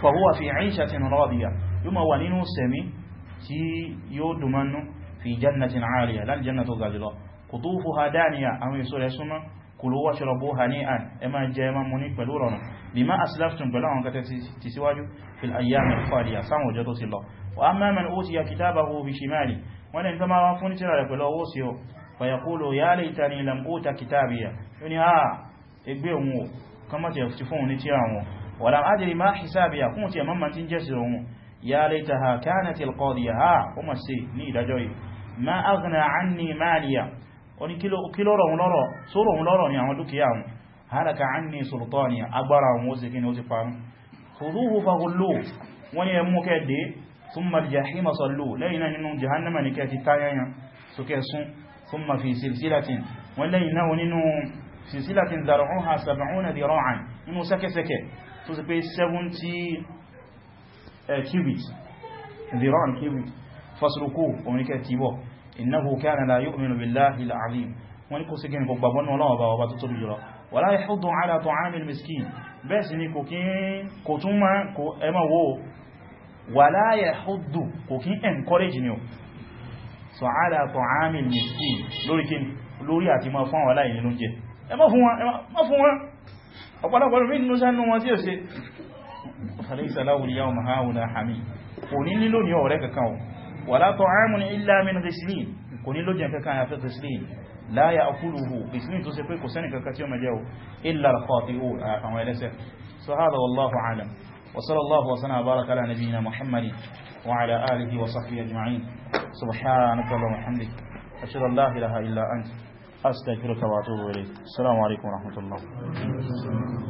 fa huwa fi 'ishatin radiya yóò ma wà nínú sẹ̀mí tí yóò dùmannú fi jannatin 'aliya lal jannatu gajilọ qutufuha daniya àwọn èso súnmọ́ kulu washrabu hani'an ẹ máa jẹ máa mú ní pẹ̀lú rọrùn bima aslaftum pẹ̀lú àwọn kẹta ti síwájú fil ayyamil khaliya sáwọn ọjọ́ tó ti lọ wa amma man utiya kitabahu bi shimali wọ́n ni tó máa wá fún tírà rẹ̀ pẹ̀lú ọwọ́ sí o fa yaqulu ya laytani lam uta kitabiya ó ní àà ah, ẹgbẹ́ òun o kama ti fi fún ní tírà oní kí lọ́rọ̀ òun lọ́rọ̀ sórọ̀ òun lọ́rọ̀ ni àwọn dúkìá òun halaka anni sultani agbára òun ó sì kí ni ó ti parun khuduhu faghullu wọ́n yẹ mú kẹ́ẹ̀dé thumma al-jahima sallu lẹ́yìn náà nínú jahannama ni kẹ́ẹ̀ ti táyáyán sókè sún thumma fi silsilatin wọ́n lẹ́yìn innahu kana la yu'minu billahi al-azim wọ́n ní kò sí gẹ́nì kò gbàgbọ́ náà lọ́wọ́ bá ọba tó tóbi jùlọ wala yahuddu ala ta'amil miskin bẹ́ẹ̀ sí ni kò tún ma kò ẹmà wo wala yahuddu kò kí encourage ni o so ala ta'amil miskin lórí kí lórí àti ma fún àwọn aláìní ló ń jẹ ẹ má fún wọn ọ̀pọ̀lọpọ̀ lórí nínú sánú wọn tí ó ṣe falaisa lahu al-yawma hahuna hamim kò ní nílò ní ọ̀rẹ́ kankan wala ta'amun illa min ghislin kò ní lójẹ̀ kankan àyàfẹ́ ghislin la ya'kuluhu ghislin tó ṣe pé kò sẹ́ni kankan tí ó mẹ́jẹ́ illa al-khati'un àwọn ẹlẹ́sẹ̀ so hadha wallahu a'lam wa sallallahu wa sana baraka ala nabiyyina muhammadin wa ala alihi wa sahbihi ajma'in subhanaka wa hamdik ashhadu an